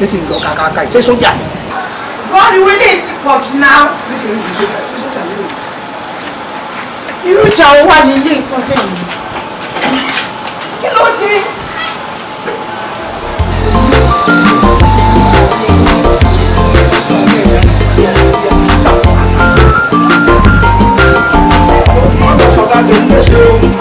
ní ti ń lọ kàkàkà ìṣe sójà. wọ́n rí ti pọ̀ jù náà.
irú ìjà owó wà ní ilé ìtọ́jú yìí.
tentación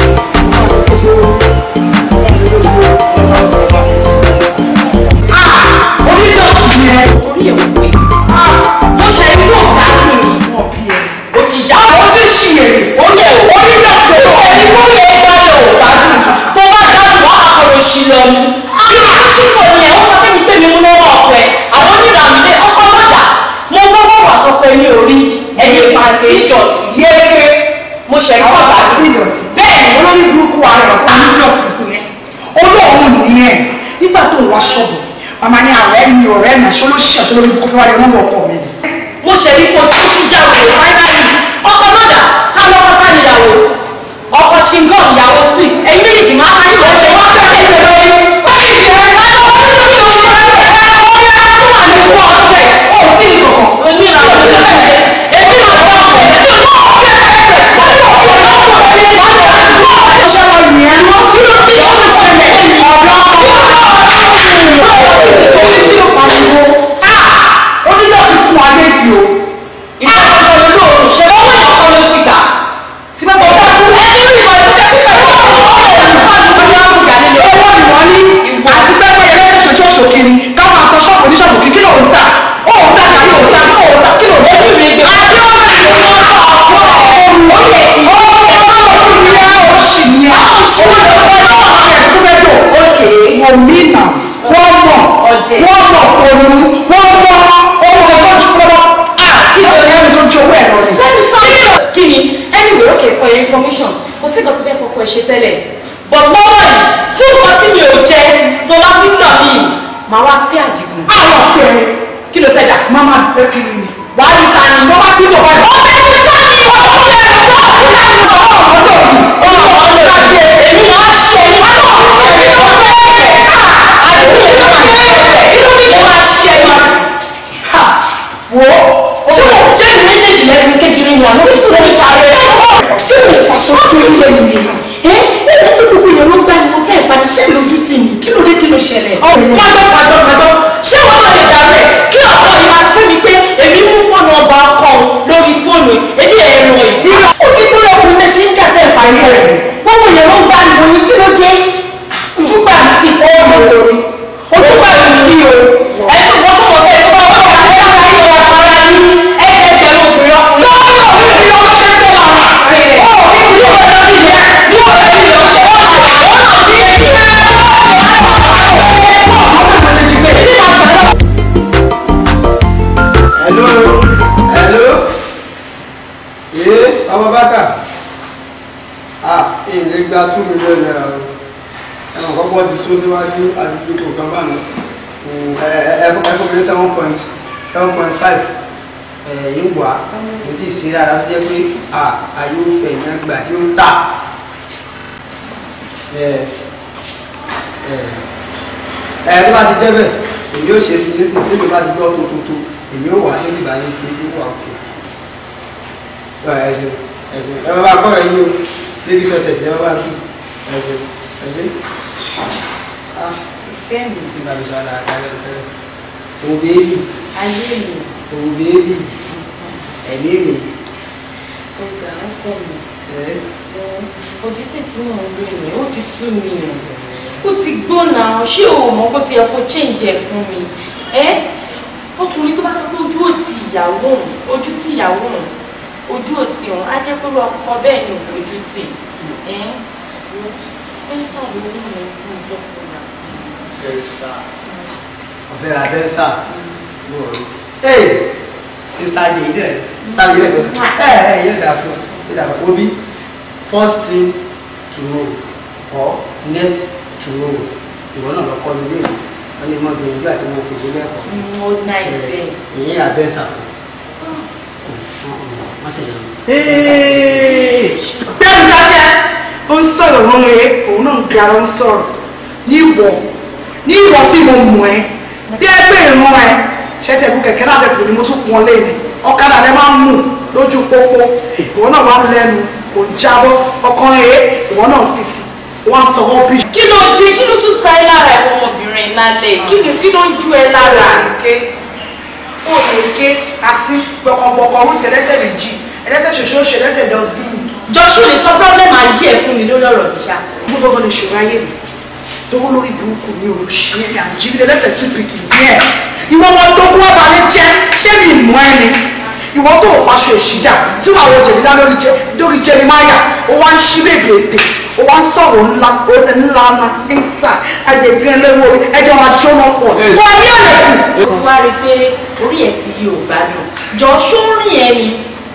ẹsẹ̀ wọn bá kí ẹsẹ̀ ẹsẹ̀ ìfẹ́ mi sì bàbá sọ àdá àdá fẹ́rẹ́ òbẹ́ẹ̀lì ayé mi òbẹ́ẹ̀lì ẹ̀mí mi.
ọgá ọkọ mi òdìsẹ́ tí mò ń gbé mi ó ti sú mi ó ti gbóná ṣé o mọ̀ kó ti yẹ kó change ẹ̀ fún mi ọkùnrin tó bá sọ pé ojú òtí ìyàwó òun ojú tí ìyàwó òun ojú òtí òun á jẹ́ pé ọkọ bẹ́ẹ̀ ni òun ojú tì í
ẹ wo fẹsà ló ń lọ sí ìṣẹ́kùn náà. fẹsà ọ̀fẹ́ ra fẹsà ló rọ ee
sísá yé ilé ẹ sáà yé ilé ẹ ẹ yé dàpọ̀ yé dàpọ̀ obi first tomorrow or next tomorrow ìwọ náà lọ kọ́ ní ilé ìwé wọ́n lè mọ gbìyànjú àti mọ̀ sí ìdílé ẹ̀kọ́. ó ná ìfẹ́. ìyẹn abẹ́ ó ń sọ̀rọ̀ ló ń re òun náà ń gara ó ń sọ̀rọ̀ ní ìwọ̀ ní ìwọ̀ tí mo mọ̀ ẹ́ tí ẹ gbé ìran ẹ ṣẹ́tẹ̀ bú kẹ̀kẹ́ náà bẹ̀rù ni mo tún pọn lẹ́yìn ọ̀kadà rẹ máa ń mú lójú pópó ìwọ náà wà lẹ́nu kò ń jábọ́ ọkàn rẹ ìwọ náà fi sí wọ́n sọ wọ́n bí. kí ló dé kí ló tún ta ẹ lára ẹ
ọmọbìnrin lálẹ́ kí
ni kí ló ń ju ẹ lára. ó lè gé así gbọkàngbọkàn orúkọ ẹlẹ́sẹ̀ méjì ẹlẹ́sẹ̀ Joshua lè sọ
problem ayé ẹ̀ fún mi lórí ọ̀rọ̀ mi ṣá. mo gbọ́dọ̀ lè ṣòro ayé mi tówó lórí burúkú mi ò ṣe é àjíbílẹ̀ lẹ́sẹ̀ tún pìkì ní ẹ̀
ìwọ ọmọ tó kú ọba lè jẹ ṣé mi
mọ ẹ ni ìwọ tó o faṣọ ìṣìdá tí wàá wọ jẹ̀lídá lórí jẹ lórí Jeremiah ó wá ń ṣí bèbè ètè ó wá ń sọ̀rọ̀ ńlá ńlá ńlá ẹ̀ńsà àgbègbè ẹlẹ́wọ̀n
orí ẹjọ́ máa jóná pọ̀ wọ́n ní ọ̀rẹ́kù. ó ti wá rí i pé orí ẹ̀ ti yí ò gbádùn jọ ṣó ń rìn ẹni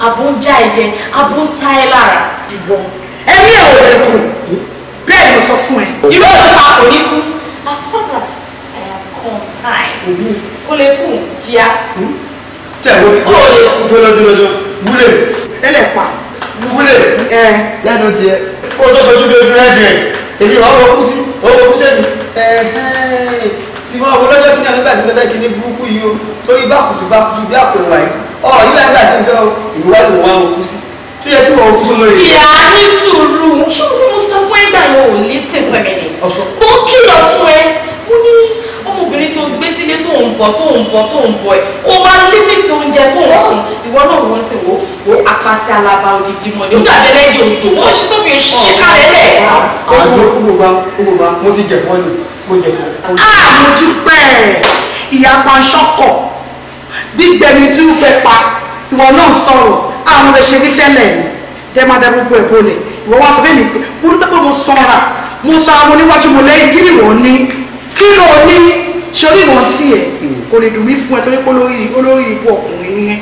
àbò ń já ẹ̀jẹ̀ àbò ń ta ẹ lára. ìwọ ẹmí
ẹ ò rẹ kù bẹ́ẹ̀ ni sọ fún ẹ. irú ọ̀rọ̀ pa kò ní kú
as far as I am concerned kò lè kú díá.
tẹ̀ wọ́n kò lè kú. dúró dúró dúró wúlé. lẹ́lẹ̀ pa. wúlé. ẹ lẹ́nu tiẹ̀. kó o tó sojú bí ojú rẹ̀ dùn ẹ̀ èmi ò wá wọ́n kú sí wọ́n kú sí tí wọn wo lọ́jọ́ kí náà nígbà tí lọ́jọ́ kí ní burúkú yìí o tó yí bákùtù bákùtù bí àpò wáyé ọ yìí láti láti ń fẹ́ ìwà ló wà ó kú sí tó yẹ kí wọ́n kú sọ lórí. jìyà ní
sùúrù ṣùgbọ́n mo sọ fún ẹgbà yẹn ò ní sèfẹ̀mẹ̀lẹ̀ mo kìlọ̀ fún ẹ mo ní ọmọbìnrin tó g ilé tó ń bọ̀ tó ń bọ̀ tó ń bọ̀ ẹ̀ kó wá límìtì oúnjẹ tó ń fún ìwọ náà wọ́n sì wò ó apáti alaba odidi mọ̀ ní ọ̀gá abẹ́rẹ́ di odò wọ́n ṣe tóbi oṣù ṣe lẹ̀. àjọ
gbogbo bá gbogbo bá mo ti jẹ̀fọ́ ni mo jẹ̀fọ́. àmọ́ dúpẹ́ ìyapa ṣọ́kọ̀ gbígbẹ̀mí tí ó fẹ́ pa ìwọ náà sọ̀rọ̀ àwọn ọmọ ìṣe tẹ́lẹ̀ ni tẹ́ gbogbo ẹ̀ bọ́lẹ̀ ìwọ wá sọ́fẹ́ mi kúrú pé mo sanra mo sanra mo níwájú mo kí ni ìwọ ní kí ló ní ṣé orí ìwọ̀n sí ẹ̀ kò lè dùn mí fún ẹ torí pé olórí olórí ìbú ọkùnrin nìyẹn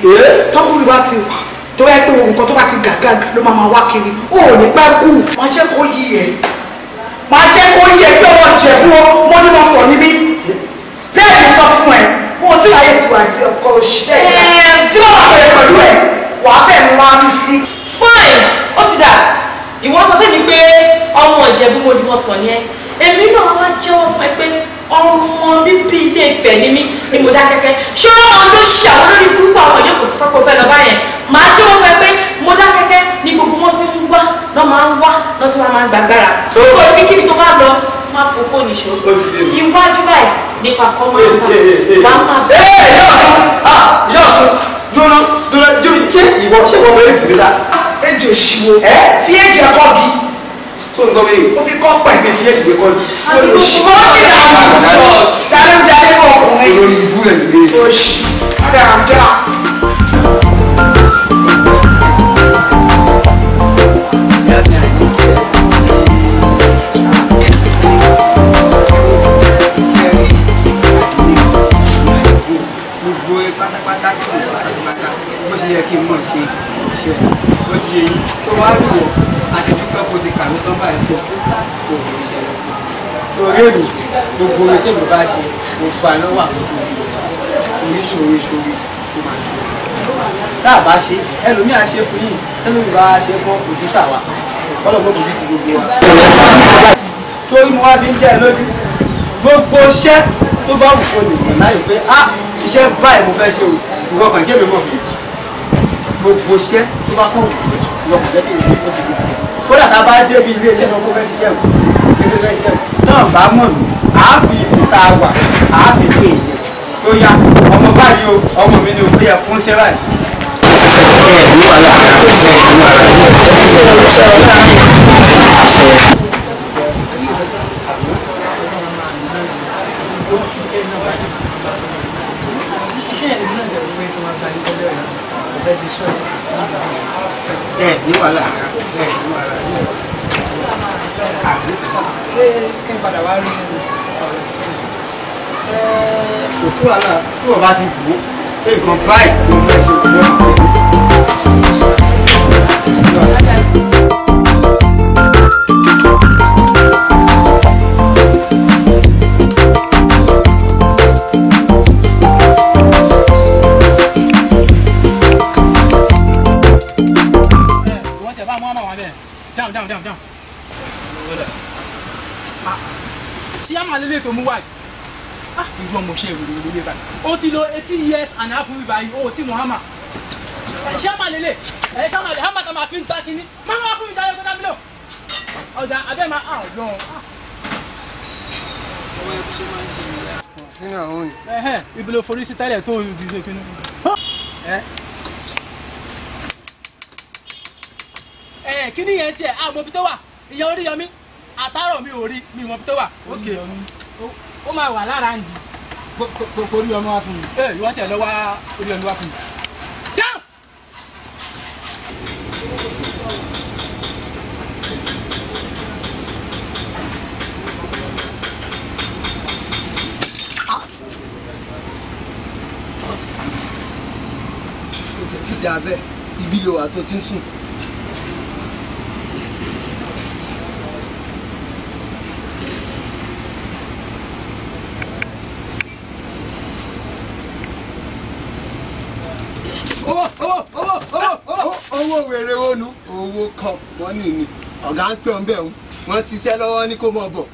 tọkùnrin bá ti wà tó bá yẹ pé nǹkan tó bá ti gàgàgà ló máa máa wá kiri ó ò ní pẹ́ kú máa jẹ́ kó yí ẹ̀ máa jẹ́ kó yí ẹ̀ pé ọmọ jẹ̀bú ọ mọ́ ní mo sọ ní mí bẹ́ẹ̀ ni sọ fún ẹ mo ti ráyè tiwa àti ọkọ òṣìṣẹ́ ìlà
tí wọ́n wà bẹ̀rẹ̀ pẹ̀lú ẹ̀ wàá fẹ́ mi wá rí sí. fine ó ti dà ìwọ sọ fún mi pé ọmọ ìjẹ̀bú mo ni mo sọ ní ẹ èmi náà wá jẹ́wọ́ fún ẹ pé ọmọ bíbí ilé Ifẹ̀ ni mí ni mo dá kẹ́kẹ́ ṣé ọmọ ló ṣe àwọn olórí burúkú àwọn ìyẹn fòtò sọpọ fẹ lọ báyẹn màá jẹ́ wọ́n fẹ́ pé mo dá kẹ́kẹ́ ni gbogbo wọn ti ń wá lọ́ máa ń wá lọ́ ti máa ń gbàgbára tó fọ ibi kíbi tó máa lọ máa fòkó nìṣó
iwájú báyìí nípa kọ́mọ́ nípa wàá máa bẹ̀rẹ̀. ẹ yọ sùn dúró dúró ṣé ìwọ ṣé ìwọ fẹ́rẹ̀ tìbí sá. ejò ìṣirò fi ejò ẹ̀kọ́ bíi tó ń gbọ́mí ó fi kọ́ pẹ̀ kí fi yé ìgbé kọ́ni. oṣù mo ti dà wọ́n
lọ dáná dáná bọ̀
ọkùnrin. olórí ibú rẹ̀ nìyẹn. oṣù adáradá. gbogbo pátápátá tí mo ti kàwé tán báyìí sí kò ní í ṣẹlẹ̀ torí èmi gbogbo orin tèmi bá ṣe gbogbo àná wà lóko oríṣiríṣi oríṣiríṣi tó máa ṣe tá a bá ṣe ẹlòmíì ṣe fún yìí ẹlòmíì bá ṣe fún ojú tàwa ọlọ́gbọ́n kò ní ti gbogbo wa. torí mo wá fi ń jẹ́ ẹ lójú gbogbo iṣẹ́ tó bá wù fún ènìyàn láyò pé ah iṣẹ́ báyìí mo fẹ́ ṣe o ìwọ kàn jẹ́ mi mọ̀ gbogbo iṣẹ́ tó bá kàn wù ìwọ mi mọ̀ ó ti di ti kódà tá a bá débi ilé iṣẹ́ náà kó fẹ́ ṣiṣẹ́ wò kéṣe fẹ́ ṣiṣẹ́ wò náà bá mọ̀ mí àáfi ìlú tá a wà àáfi pé èyí tó yá ọmọ báyìí o ọmọ mi ni o pé ẹ fún ṣẹ́ báyìí. ẹ ní wàhálà ẹ ní wàhálà ṣé kí n padà wá rí ọ̀rọ̀ ti sẹ́yìn. kò sí wàhálà tí wọ́n bá ti wò ó nǹkan báyìí ló fẹ́ ṣe pẹ̀lú ọ̀rọ̀ mú wáyé ah, irú ọmọ iṣẹ́ ìròyìn ló lè báyìí ó ti lo eighteen years and a half wí báyìí ó ti Muhammad. hámà ṣáàmà lélẹ̀ ẹ̀ ṣáàmà lè hámà tá máa fi ń ta kínní máa wá fún mi jáde kó dábìlọ̀ ọ̀dà abẹ́ máa hàn ah, lọ́hùn. Ah. ọwọ́ ẹ kó ṣe máa ń ṣe ìrìn àjò. sínú àwọn yìí. ibi ló forí sí tẹ́lẹ̀ tó ojú ṣe kínní. ẹ kínní yẹn tiẹ̀ àmọ́ ibi tó wà ìyẹn orí yọmí àtàrọ̀ mi ò rí mi ìmọ̀ ibi tó wà. ó kì í yọmí ó máa wà lára ǹdí. kò orí ọmọ wa fún mi. ẹ ìwọ tẹ lọ wá orí ọmọ wa fún mi. ti dà bẹ́ẹ̀ ibi lo àtò tí ń sùn. cup wọ́n ní mi ọ̀gá ń pè ọ́n bẹ́ẹ̀ wọ́n ti ṣiṣẹ́ lọ́wọ́ ní kó mọ̀ bọ̀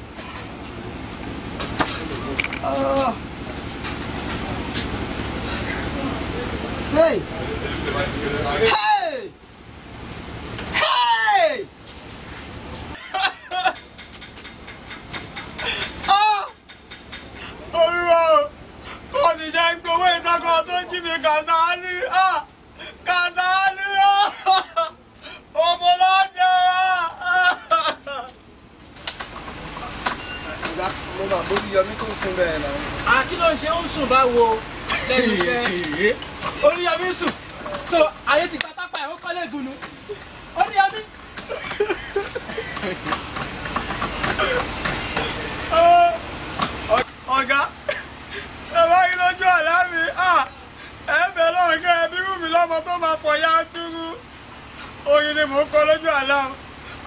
ọlọ́run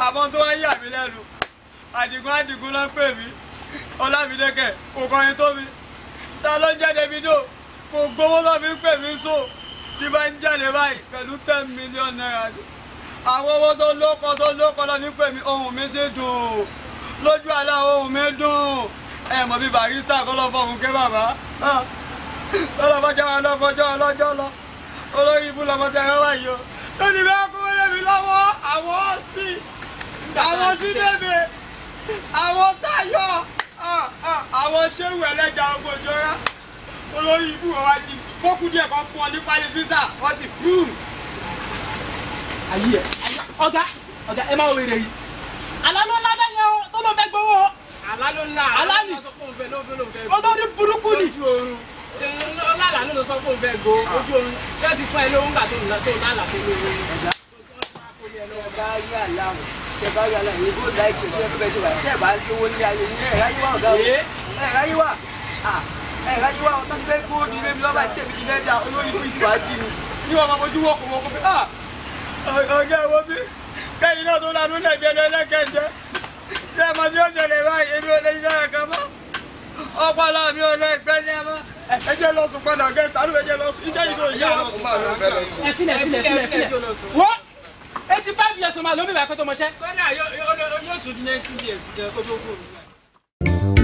àbọ̀n tó wá yà mí lẹ́nu àdìgún àdìgún ló ń pè mí ọlámídẹ́kẹ̀ kò kọrin tó mi ta ló ń jẹ́ Davido kò gbowó lọ́ fi ń pè mí so tí bá ń jáde báyìí pẹ̀lú ten million naira ni àwọn owó tó lóko tó lóko lọ́ fi ń pè mí ohun mi sì dùn o lójú àlá ohun mi dùn ẹ mọ̀ bí barista kọ́ lọ́ fọ̀hún ké bàbá lọ́lọ́ fọjọ́ wọn lọ́ fọjọ́ ọlọ́jọ́ lọ olórí ibú lọ́mọ tẹ̀wé wáyé o tó ní bá kú mi lọ́wọ́ àwọn Austin
àwọn síbèbè
àwọn Táyọ̀ àwọn ṣéwù ẹlẹ́jà ogun ìjọra olórí ibú wa jí kókù díẹ̀ kan fún ọ ní pálí físà wọ́n sì búùm. ayé ẹ ọ̀gá ọ̀gá ẹ máa wèrè yìí aláló ńlá bẹ́yẹn o tó ló fẹ́ gbowó. aláló ńlá alálì olórí burúkú ni. ojú oorun ṣe lálàá ló lọ sọ fún un fẹ́ go ah. ojú oorun ṣé ti fún ẹ lóhùn gbà tó lálàá tó lóhùn bá rí àlàwọ̀ tẹ bá rí àlàwọ̀ yìí kó láìkè ní ẹgbẹ́ ṣe wà tẹ bá ń lówó ní ayé yìí ẹ̀rá yìí wà ọ̀gá o ẹ̀rá yìí wà ẹ̀rá yìí wà ọ̀tá ti fẹ́ gbó ojú ilé mi lọ́ba tí èmi ti fẹ́ da olórí fún ìsìnkú àjí mi ní wọn máa fojú wọ̀kọ̀ wọ̀kọ̀ pé ọ̀gá ẹ̀wọ̀ mi kẹ́yìn náà tó lanú lẹ́bi ẹnu ẹlẹ́kẹ̀ẹ́dẹ́ tí ẹ̀ mọ̀ tí ó ṣẹlẹ̀ báyìí èmi ò lè ṣiṣẹ́ kankan mọ́ ọpọlọ mi ò lè gbẹ́ ní ẹ ẹ jẹ́ lọ sùn padà gẹ̀ẹ́sì àlùfẹ́ jẹ́ lọ sùn iṣẹ́ yìí kò yá wọn. ẹ filẹ̀ filẹ̀ filẹ̀ filẹ̀ wọ́n eighty five years ọmọ àlọ́ mi bàá kọ́ tó mọṣẹ́. kọ́dà
yóò tún ní ninety years kó tó kú òun.